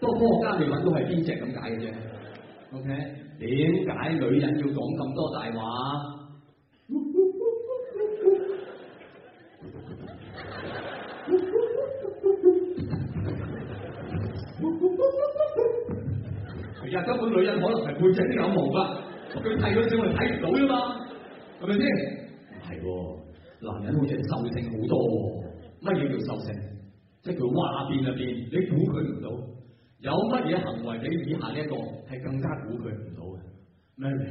都科學家未揾到係邊隻咁解嘅啫。OK，點解女人要講咁多大話？而家根本女人可能係背脊都有毛噶，佢睇嗰啲我哋睇唔到啫嘛，係咪先？係，男人好似獸性好多，乜嘢叫獸性？即係佢話變就變，你估佢唔到。有乜嘢行為比以下呢一個係更加估佢唔到嘅？咩嚟？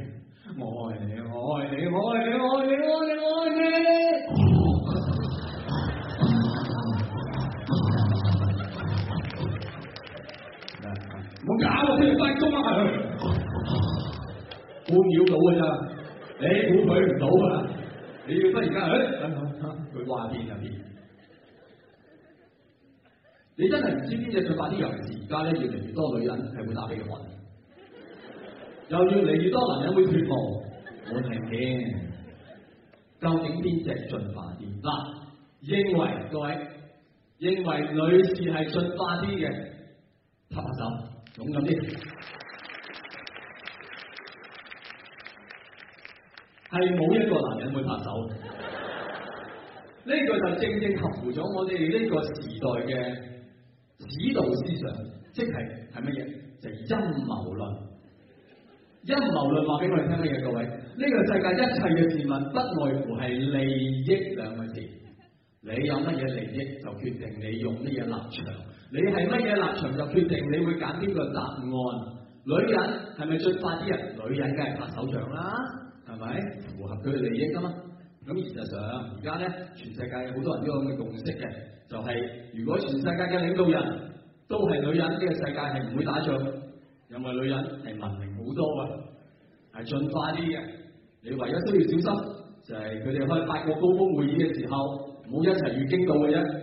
我愛你，我愛你，我愛你，我愛你，我愛你。冇噶。哎、半埋到到噶咋？你估佢唔到噶啦！你要忽然間去，佢話變就變。你真係唔知邊隻進化啲？尤其是而家咧，越嚟越多女人係會打鼻鼾，又越嚟越多男人會脫毛。我睇見，究竟邊隻進化啲？嗱，認為各位認為女士係進化啲嘅，拍下手，勇敢啲。係冇一個男人會拍手，呢個就正正合乎咗我哋呢個時代嘅指導思想，即係係乜嘢？就係陰謀論。陰謀論話俾我哋聽乜嘢？各位，呢個世界一切嘅事物不外乎係利益兩個字。你有乜嘢利益，就決定你用乜嘢立場。你係乜嘢立場，就決定你會揀邊個答案。女人係咪最怕啲人？女人梗係拍手掌啦。係咪符合佢利益噶嘛？咁事實上而家咧，全世界有好多人都有咁嘅共識嘅，就係如果全世界嘅領導人都係女人，呢個世界係唔會打仗，又咪女人係文明好多嘅，係進化啲嘅。你唯一需要小心就係佢哋開八國高峰會議嘅時候，唔好一齊遇驚到嘅啫。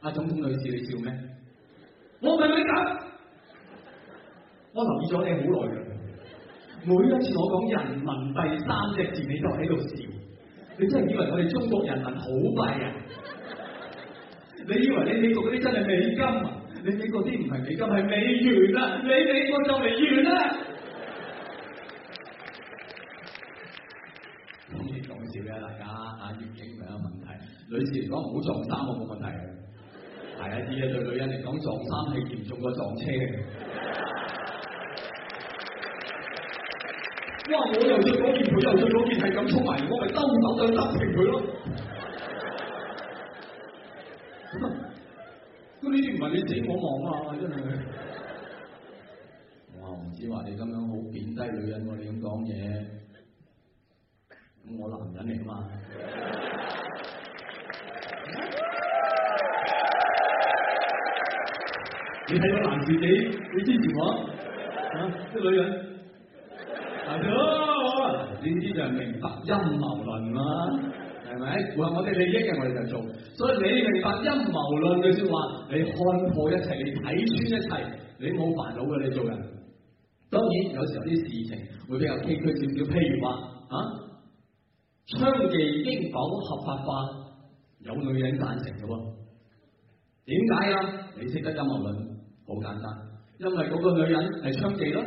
阿總統女士，你笑咩？我咪咪咁。我留意咗你好耐嘅，每一次我講人民幣三隻字，你都喺度笑，你真係以為我哋中國人民好貴啊？你以為你美國嗰啲真係美金，你的美金美元啊？你美國啲唔係美金，係美元啦，你美國就美元啦。咁先講笑嘅，大家啊，眼睛又有問題，女士講唔好撞衫，我冇問題。係 啊，依家對女人嚟講，撞衫係嚴重過撞車。 哇！我又出講完佢，又出講完，係咁衝埋，我咪兜手等得平佢咯。咁呢啲唔係你情我願啊，真係。我話唔好話你咁樣好貶低女人喎，啊，你咁講嘢。咁我男人嚟啊嘛。 你睇個男士，你你支持我啊？啲女人。大佬，呢啲就係明白陰謀論啦，係咪？我我哋利益嘅我哋就做，所以你明白陰謀論嘅說話，你看破一切，你睇穿一切，你冇煩惱嘅你做人。當然有時候啲事情會比較崎嶇少少，譬如話啊，娼妓應否合法化？有女人贊成㗎喎，點解啊？你識得陰謀論，好簡單，因為嗰個女人係娼妓咯。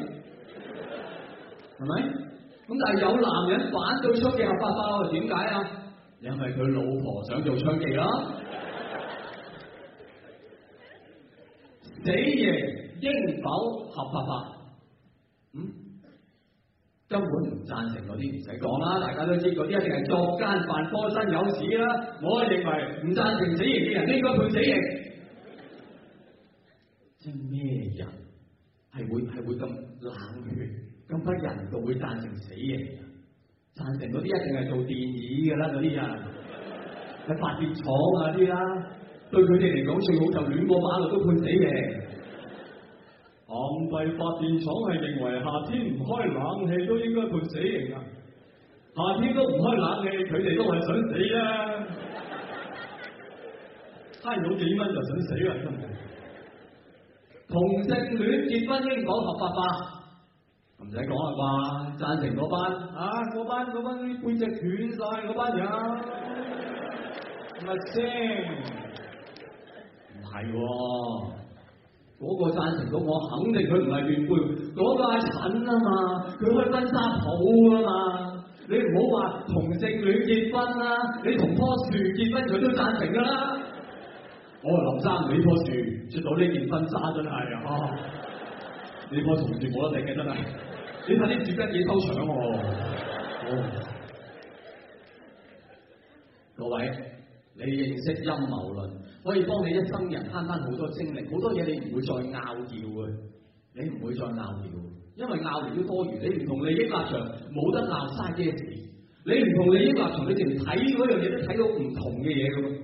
係咪？咁但係有男人反對槍妓合法化，點解啊？因為佢老婆想做槍妓咯。死刑應否合法化？嗯？根本唔贊成嗰啲唔使講啦，大家都知嗰啲一定係作奸犯科、身有屎啦。我認為唔贊成死刑嘅人應該判死刑。即係咩人係會係會咁冷血？咁多人都，會贊成死刑啊？贊成嗰啲一定係做電椅㗎啦，嗰啲人，喺發電廠啊啲啦，對佢哋嚟講最好就亂過馬路都判死刑。昂貴發電廠係認為夏天唔開冷氣都應該判死刑啊！夏天都唔開冷氣，佢哋都係想死啦，慳 到幾蚊就想死啊！真係同性戀結婚應否合法化？唔使講啦啩，贊成嗰班啊，嗰班嗰班背脊斷晒嗰班人，咪 先？唔係，嗰、那個贊成到我，肯定佢唔係怨婦。嗰、那個阿陳啊嘛，佢開婚紗鋪啊嘛，你唔好話同性戀結婚，啊、戀結婚啦，你同棵樹結婚佢都贊成噶啦。我林生你棵樹穿到呢件婚紗真係，你、啊、 棵松樹冇得頂嘅真係。你睇啲主播幾偷搶喎？各位，你認識陰謀論可以幫你一生人慳翻好多精力，好多嘢你唔會再拗掉嘅，你唔會再拗掉，因為拗完都多餘。你唔同利益立場，冇得拗晒嘅事。你唔同利益立場，你淨睇嗰樣嘢都睇到唔同嘅嘢咁。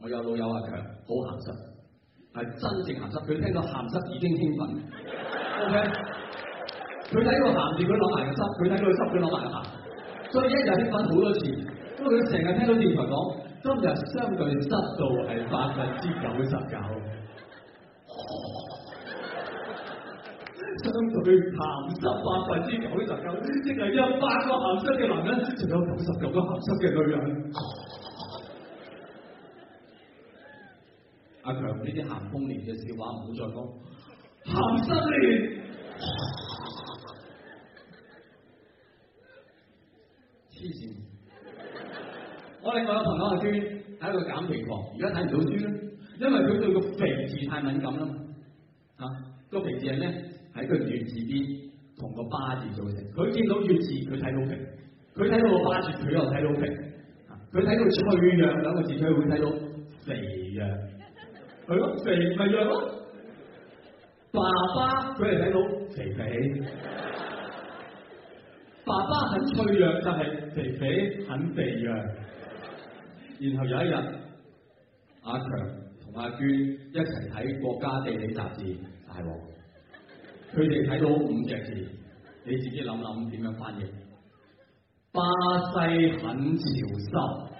我有老友阿強好鹹濕，係真正鹹濕。佢聽到鹹濕已經興奮 ，OK。佢睇嗰個鹹字，佢攞埋個濕；佢睇嗰個濕，佢攞埋個鹹。所以一日聽翻好多次，因為佢成日聽到電台講，今日相對濕度係百分之九十九。相對鹹濕百分之九十九，即係一百個鹹濕嘅男人，就有九十九個鹹濕嘅女人。 阿強，呢啲鹹豐年嘅笑話唔好再講。鹹濕年。黐線！我另外有朋友係豬，係一個減肥狂。而家睇唔到豬啦，因為佢對個肥字太敏感啦。嚇、啊，個肥字係咩？喺個月字邊同個巴字組成。佢見到月字，佢睇到肥；佢睇到個巴字，佢又睇到肥。佢睇到，到，到，到脆弱兩個字，佢會睇到肥弱。係咯、嗯啊，肥咪、就是、弱咯、啊。爸爸佢係睇到肥肥， 爸爸很脆弱，但係。肥肥很肥嘅，然後有一日，阿強同阿娟一齊睇國家地理雜誌，係喎，佢哋睇到五隻字，你自己諗諗點樣翻譯？巴西很潮濕。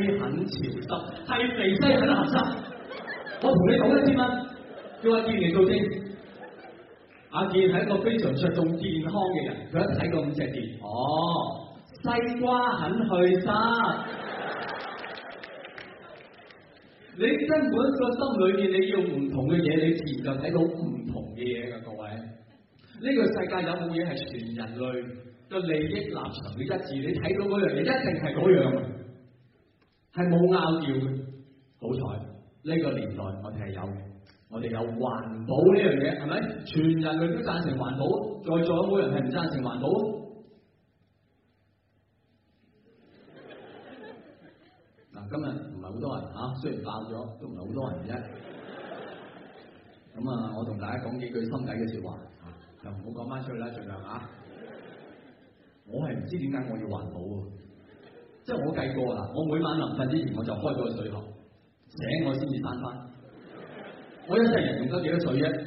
你很潮濕，係肥西很鹹濕。我同你講一千蚊，叫阿健嚟做先。阿健係一個非常着重健康嘅人，佢一睇到五隻字，哦，西瓜肯去濕。你根本個心裏面你要唔同嘅嘢，你自然就睇到唔同嘅嘢噶。各位，呢個世界有冇嘢係全人類嘅利益立場嘅一致？你睇到嗰樣嘢，一定係嗰樣。係冇拗撬嘅，好彩呢個年代我哋係有嘅，我哋有環保呢樣嘢，係咪？全人類都贊成環保，再再有冇人係唔贊成環保？嗱 今日唔係好多人啊，雖然爆咗，都唔係好多人啫。咁啊，我同大家講幾句心底嘅說話，就唔好講翻出去啦，盡量啊。我係唔知點解我要環保啊。即係我計過啦，我每晚臨瞓之前我就開咗個水喉，醒我先至翻翻。我一世人用得幾多水啫？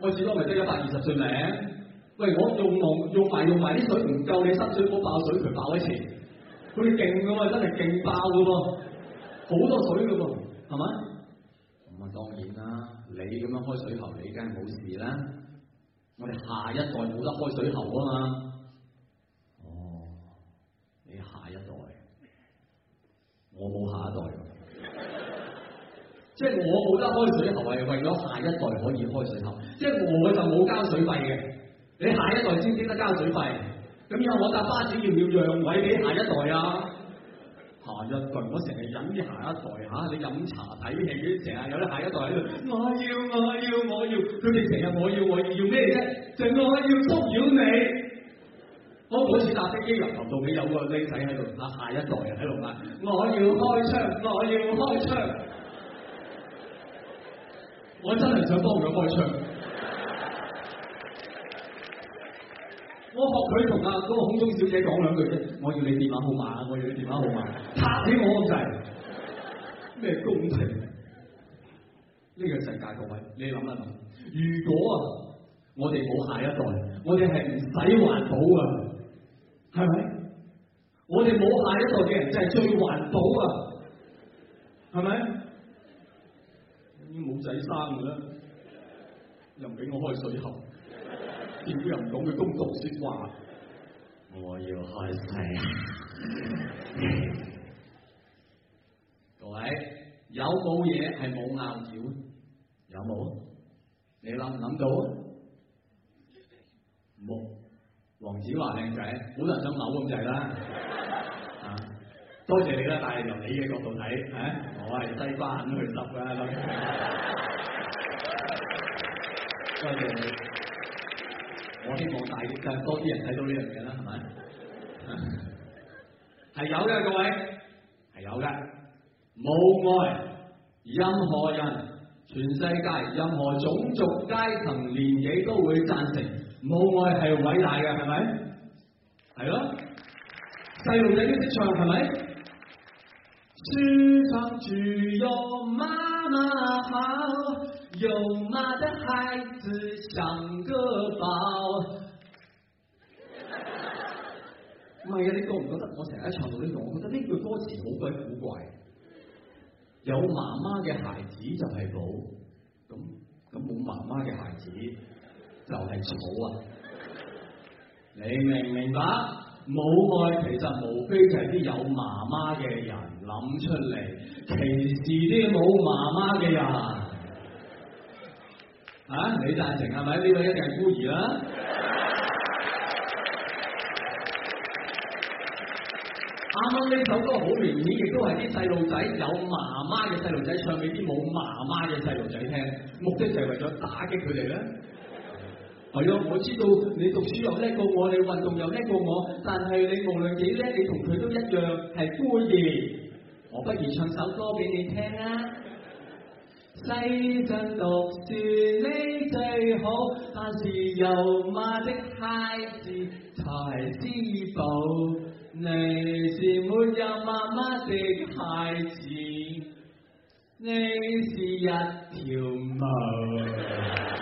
我最多咪得一百二十歲命。喂，我用用用埋用埋啲水唔夠，你新水煲爆水佢爆一次，佢勁噶嘛，真係勁爆噶噃，好多水噶噃，係咪？咁啊，當然啦，你咁樣開水喉，你梗係冇事啦。我哋下一代冇得開水喉啊嘛。我冇下一代，即係我冇得開水喉，係為咗下一代可以開水喉，即係我就冇交水費嘅，你下一代先先得交水費，咁以後我搭巴士要唔要讓位俾下一代啊？下一代我成日飲啲下一代吓，你飲茶睇戲院成日有啲下一代喺度，我要我要我要，佢哋成日我要我要要咩啫？就我要騷擾你。我每次搭飛機入頭到尾有個僆仔喺度，啊下一代人喺度嗌，我要開槍，我要開槍，我真係想幫佢開槍。我學佢同阿嗰個空中小姐講兩句啫，我要你電話號碼，我要你電話號碼，拍死我都制，咩公平？呢個世界各位，你諗一諗，如果啊我哋冇下一代，我哋係唔使環保啊！係咪？我哋冇下一代嘅人就係最環保啊！係咪？已經冇仔生啦，又唔俾我開水喉， 見又唔講佢公道說話，我要開聲。 各位有冇嘢係冇拗撬？有冇？你諗唔諗到？冇。黃子華靚仔，好多人想嘔咁滯啦。多謝你啦，但係由你嘅角度睇，唉、啊，我係西瓜咁去執噶啦。啊、 多謝你，我希望大更多啲人睇到呢樣嘢啦，係咪？係、啊、有嘅各位，係有嘅，冇愛任何人，全世界任何種族階層、階層、年紀都會贊成。母愛係偉大嘅，係咪？係咯，細路仔都識唱，係咪？世上只有媽媽好，有媽的孩子像個寶。唔係啊，你覺唔覺得我成日喺唱到呢句？我覺得呢句歌詞好鬼古怪。有媽媽嘅孩子就係寶，咁咁冇媽媽嘅孩子。就係、是、草啊！你明唔明白？母愛其實無非就係啲有媽媽嘅人諗出嚟，歧視啲冇媽媽嘅人啊！啊你贊成係咪？呢位、這個、一定係孤兒啦！啱啱呢首歌好明顯，亦都係啲細路仔有媽媽嘅細路仔唱俾啲冇媽媽嘅細路仔聽，目的就係為咗打擊佢哋呢。係咯中文、哎，我知道你讀書又叻過我，你運動又叻過我，但係你無論幾叻，你同佢都一樣係孤兒。我不如唱首歌俾你聽啊。 細陣讀書你最好，但是有媽的孩子才知寶。你是沒有媽媽的孩子，你是一條毛。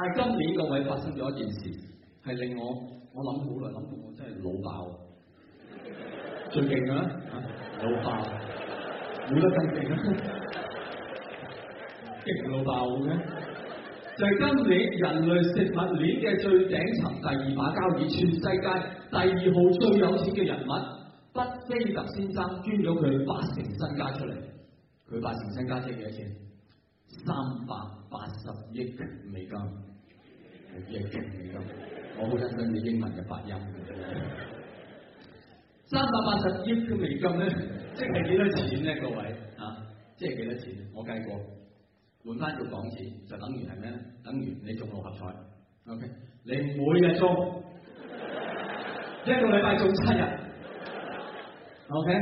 但係今年個位發生咗一件事，係令我我諗好耐，諗到我真係老爆，最勁嘅咩？老爆，冇得更勁啦！勁 老爆嘅，就係、是、今年人類食物鏈嘅最頂層第二把交椅，全世界第二號最有錢嘅人物畢菲 特先生捐咗佢八成身家出嚟，佢八成身家即係幾多錢？三百八十億美金。我好想聽你英文嘅發音。三百八十億美金咧，即係幾多錢咧？各位啊，即係幾多錢？我計過，換翻做港紙，就等於係咩？等於你中六合彩。OK，你每日中， 一個禮拜做七日。OK，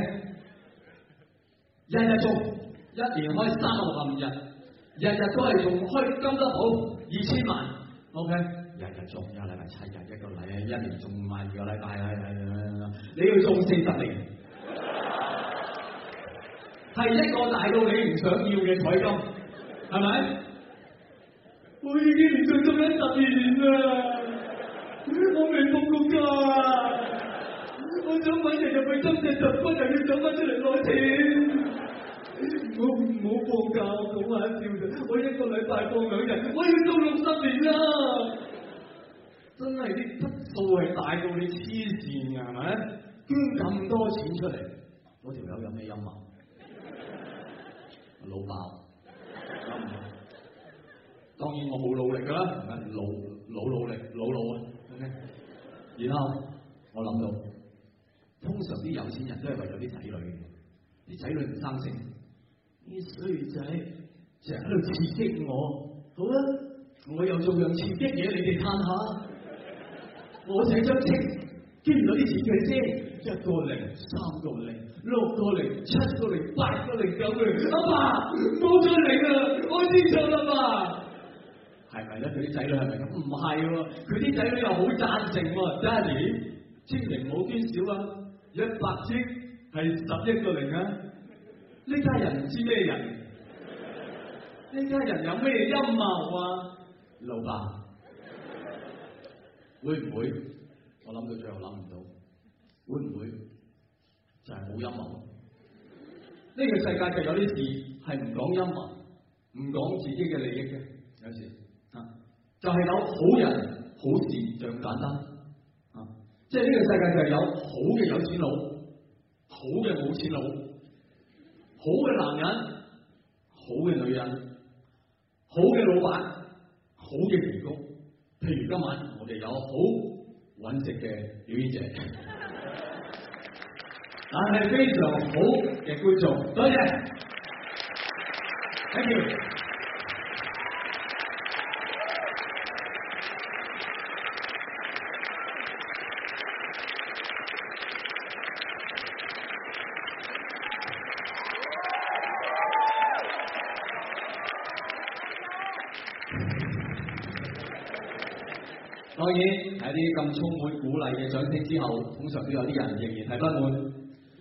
日日中，一年開三百六十五日，日日都係中，開金得好，二千萬。O K，日日做，一個禮拜七日，一個禮一年仲唔係二個禮拜啦，你要做四十年，係一個大到你唔想要嘅彩金，係咪？我已經連續做咗十年啦，我未放過假㗎，我想揾一日去真正十分，又要揾翻出嚟攞錢。我唔好放假，我開玩笑，我一個禮拜放兩日，我要做六十年啦！真係啲筆數係大到你癡線噶係咪？捐咁多錢出嚟，嗰條友有咩陰謀啊？ 老爸，嗯，當然我好努力噶啦，老老努力，老老，okay，然後我諗到，通常啲有錢人都係為咗啲仔女嘅，啲仔女唔生性。啲衰仔成日喺度刺激我，好啦，我又做樣刺激嘢，你哋嘆下。我請張清捐咗啲錢俾先，一個零、三個零、六個零、七個零、八個零、九個零，阿爸冇咗零啦，我知錯啦嘛。係咪咧？佢啲仔女係咁，唔係、啊，佢啲仔女又好贊成，Daddy，、啊、清零冇捐少啊，一百千係十一個零啊。呢家人唔知咩人？呢家人有咩陰謀啊？老爸會唔會？我諗到最後諗唔到，會唔會就係冇陰謀？呢個世界就有啲事係唔講陰謀，唔講自己嘅利益嘅，有時啊，就係有好人好事，咁簡單啊！即係呢個世界就係有好嘅有錢佬，好嘅冇錢佬。好嘅男人，好嘅女人，好嘅老闆，好嘅員工。譬如今晚我哋有好穩值嘅表演者， 但係非常好嘅觀眾，多謝，謝。Thank you。之後，通常都有啲人仍然係不滿。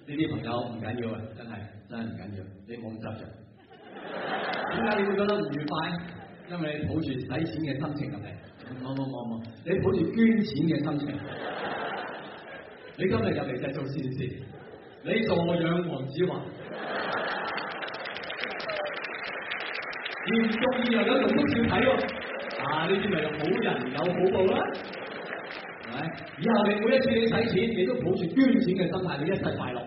呢啲朋友唔緊要啊，真係真係唔緊要，你冇咁執著。點 解你會覺得唔愉快？因為你抱住使錢嘅心情入嚟，冇冇冇冇，你抱住捐錢嘅心情。 你今日入嚟就係先，做善事，你助養黃子華，嚴中意外咁樣都少睇喎，啊。啊，呢啲咪好人有好報啦，啊！以後你每一次你使錢，你都抱住捐錢嘅心態，你一世快樂。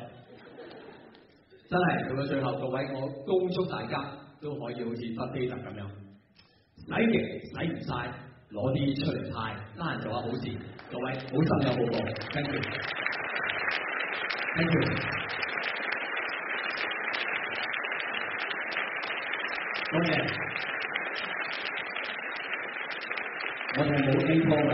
真係到到最後，各位我恭祝大家都可以好似巴菲特咁樣，使極使唔晒，攞啲出嚟派，得閒做下好事。各位好心有好報，thank you，thank you，多謝，我哋冇經商啊。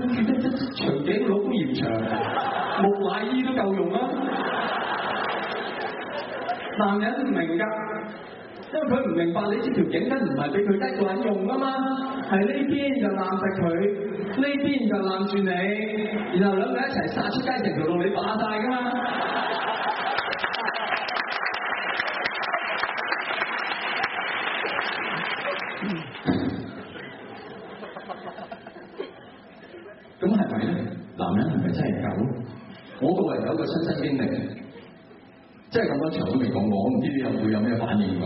頸佬都嫌長，木乃伊都夠用啦。男人唔明噶，因為佢唔明白你呢條頸巾唔係俾佢一個人用噶嘛，係呢邊就攬實佢，呢邊就攬住你，然後兩個人一齊殺出街，成條路你霸晒噶嘛。咁係咪咧？男人係咪真係狗？我個人有個親身經歷，即係咁多場都未講過，我唔知你又會有咩反應咁。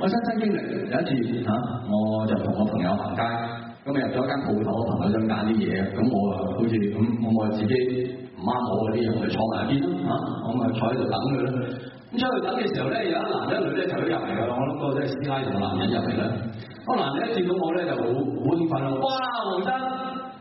我親身經歷有一次嚇，我就同我朋友行街，咁入咗間鋪頭，朋友想揀啲嘢，咁我啊好似咁，咁我自己唔啱好嗰啲嘢，我咪坐埋一邊咯嚇，我咪坐喺度等佢咯。咁坐喺度等嘅時候咧，有一男一女咧就啲入嚟㗎，我諗個都係師奶同男人入嚟啦。個男人一見到我咧就好興奮咯，哇，黃生！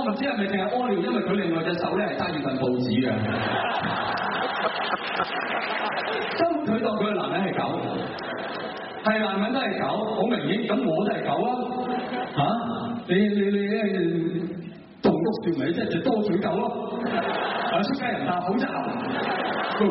我唔知係咪淨係屙尿，因為佢另外隻手咧係揸住份報紙嘅。真 取當佢嘅男人係狗，係男人都係狗，好明顯。咁我都係狗啦、啊，嚇、啊？你你你一棟篤笑咪，即係就多嘴狗咯。出街人搭好就。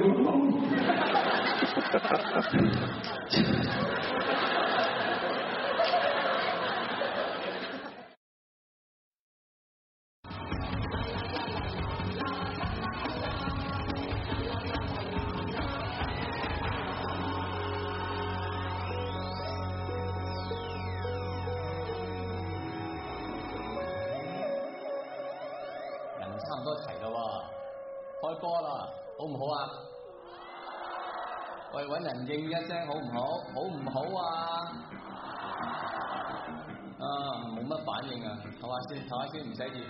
去搵人應一聲，好唔好？好唔好啊？啊，冇乜反應啊，唞下先，唞下先，唔使住。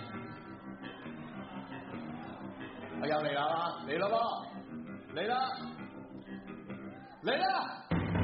我、啊、又嚟啦，嚟啦，噃，嚟啦，嚟啦！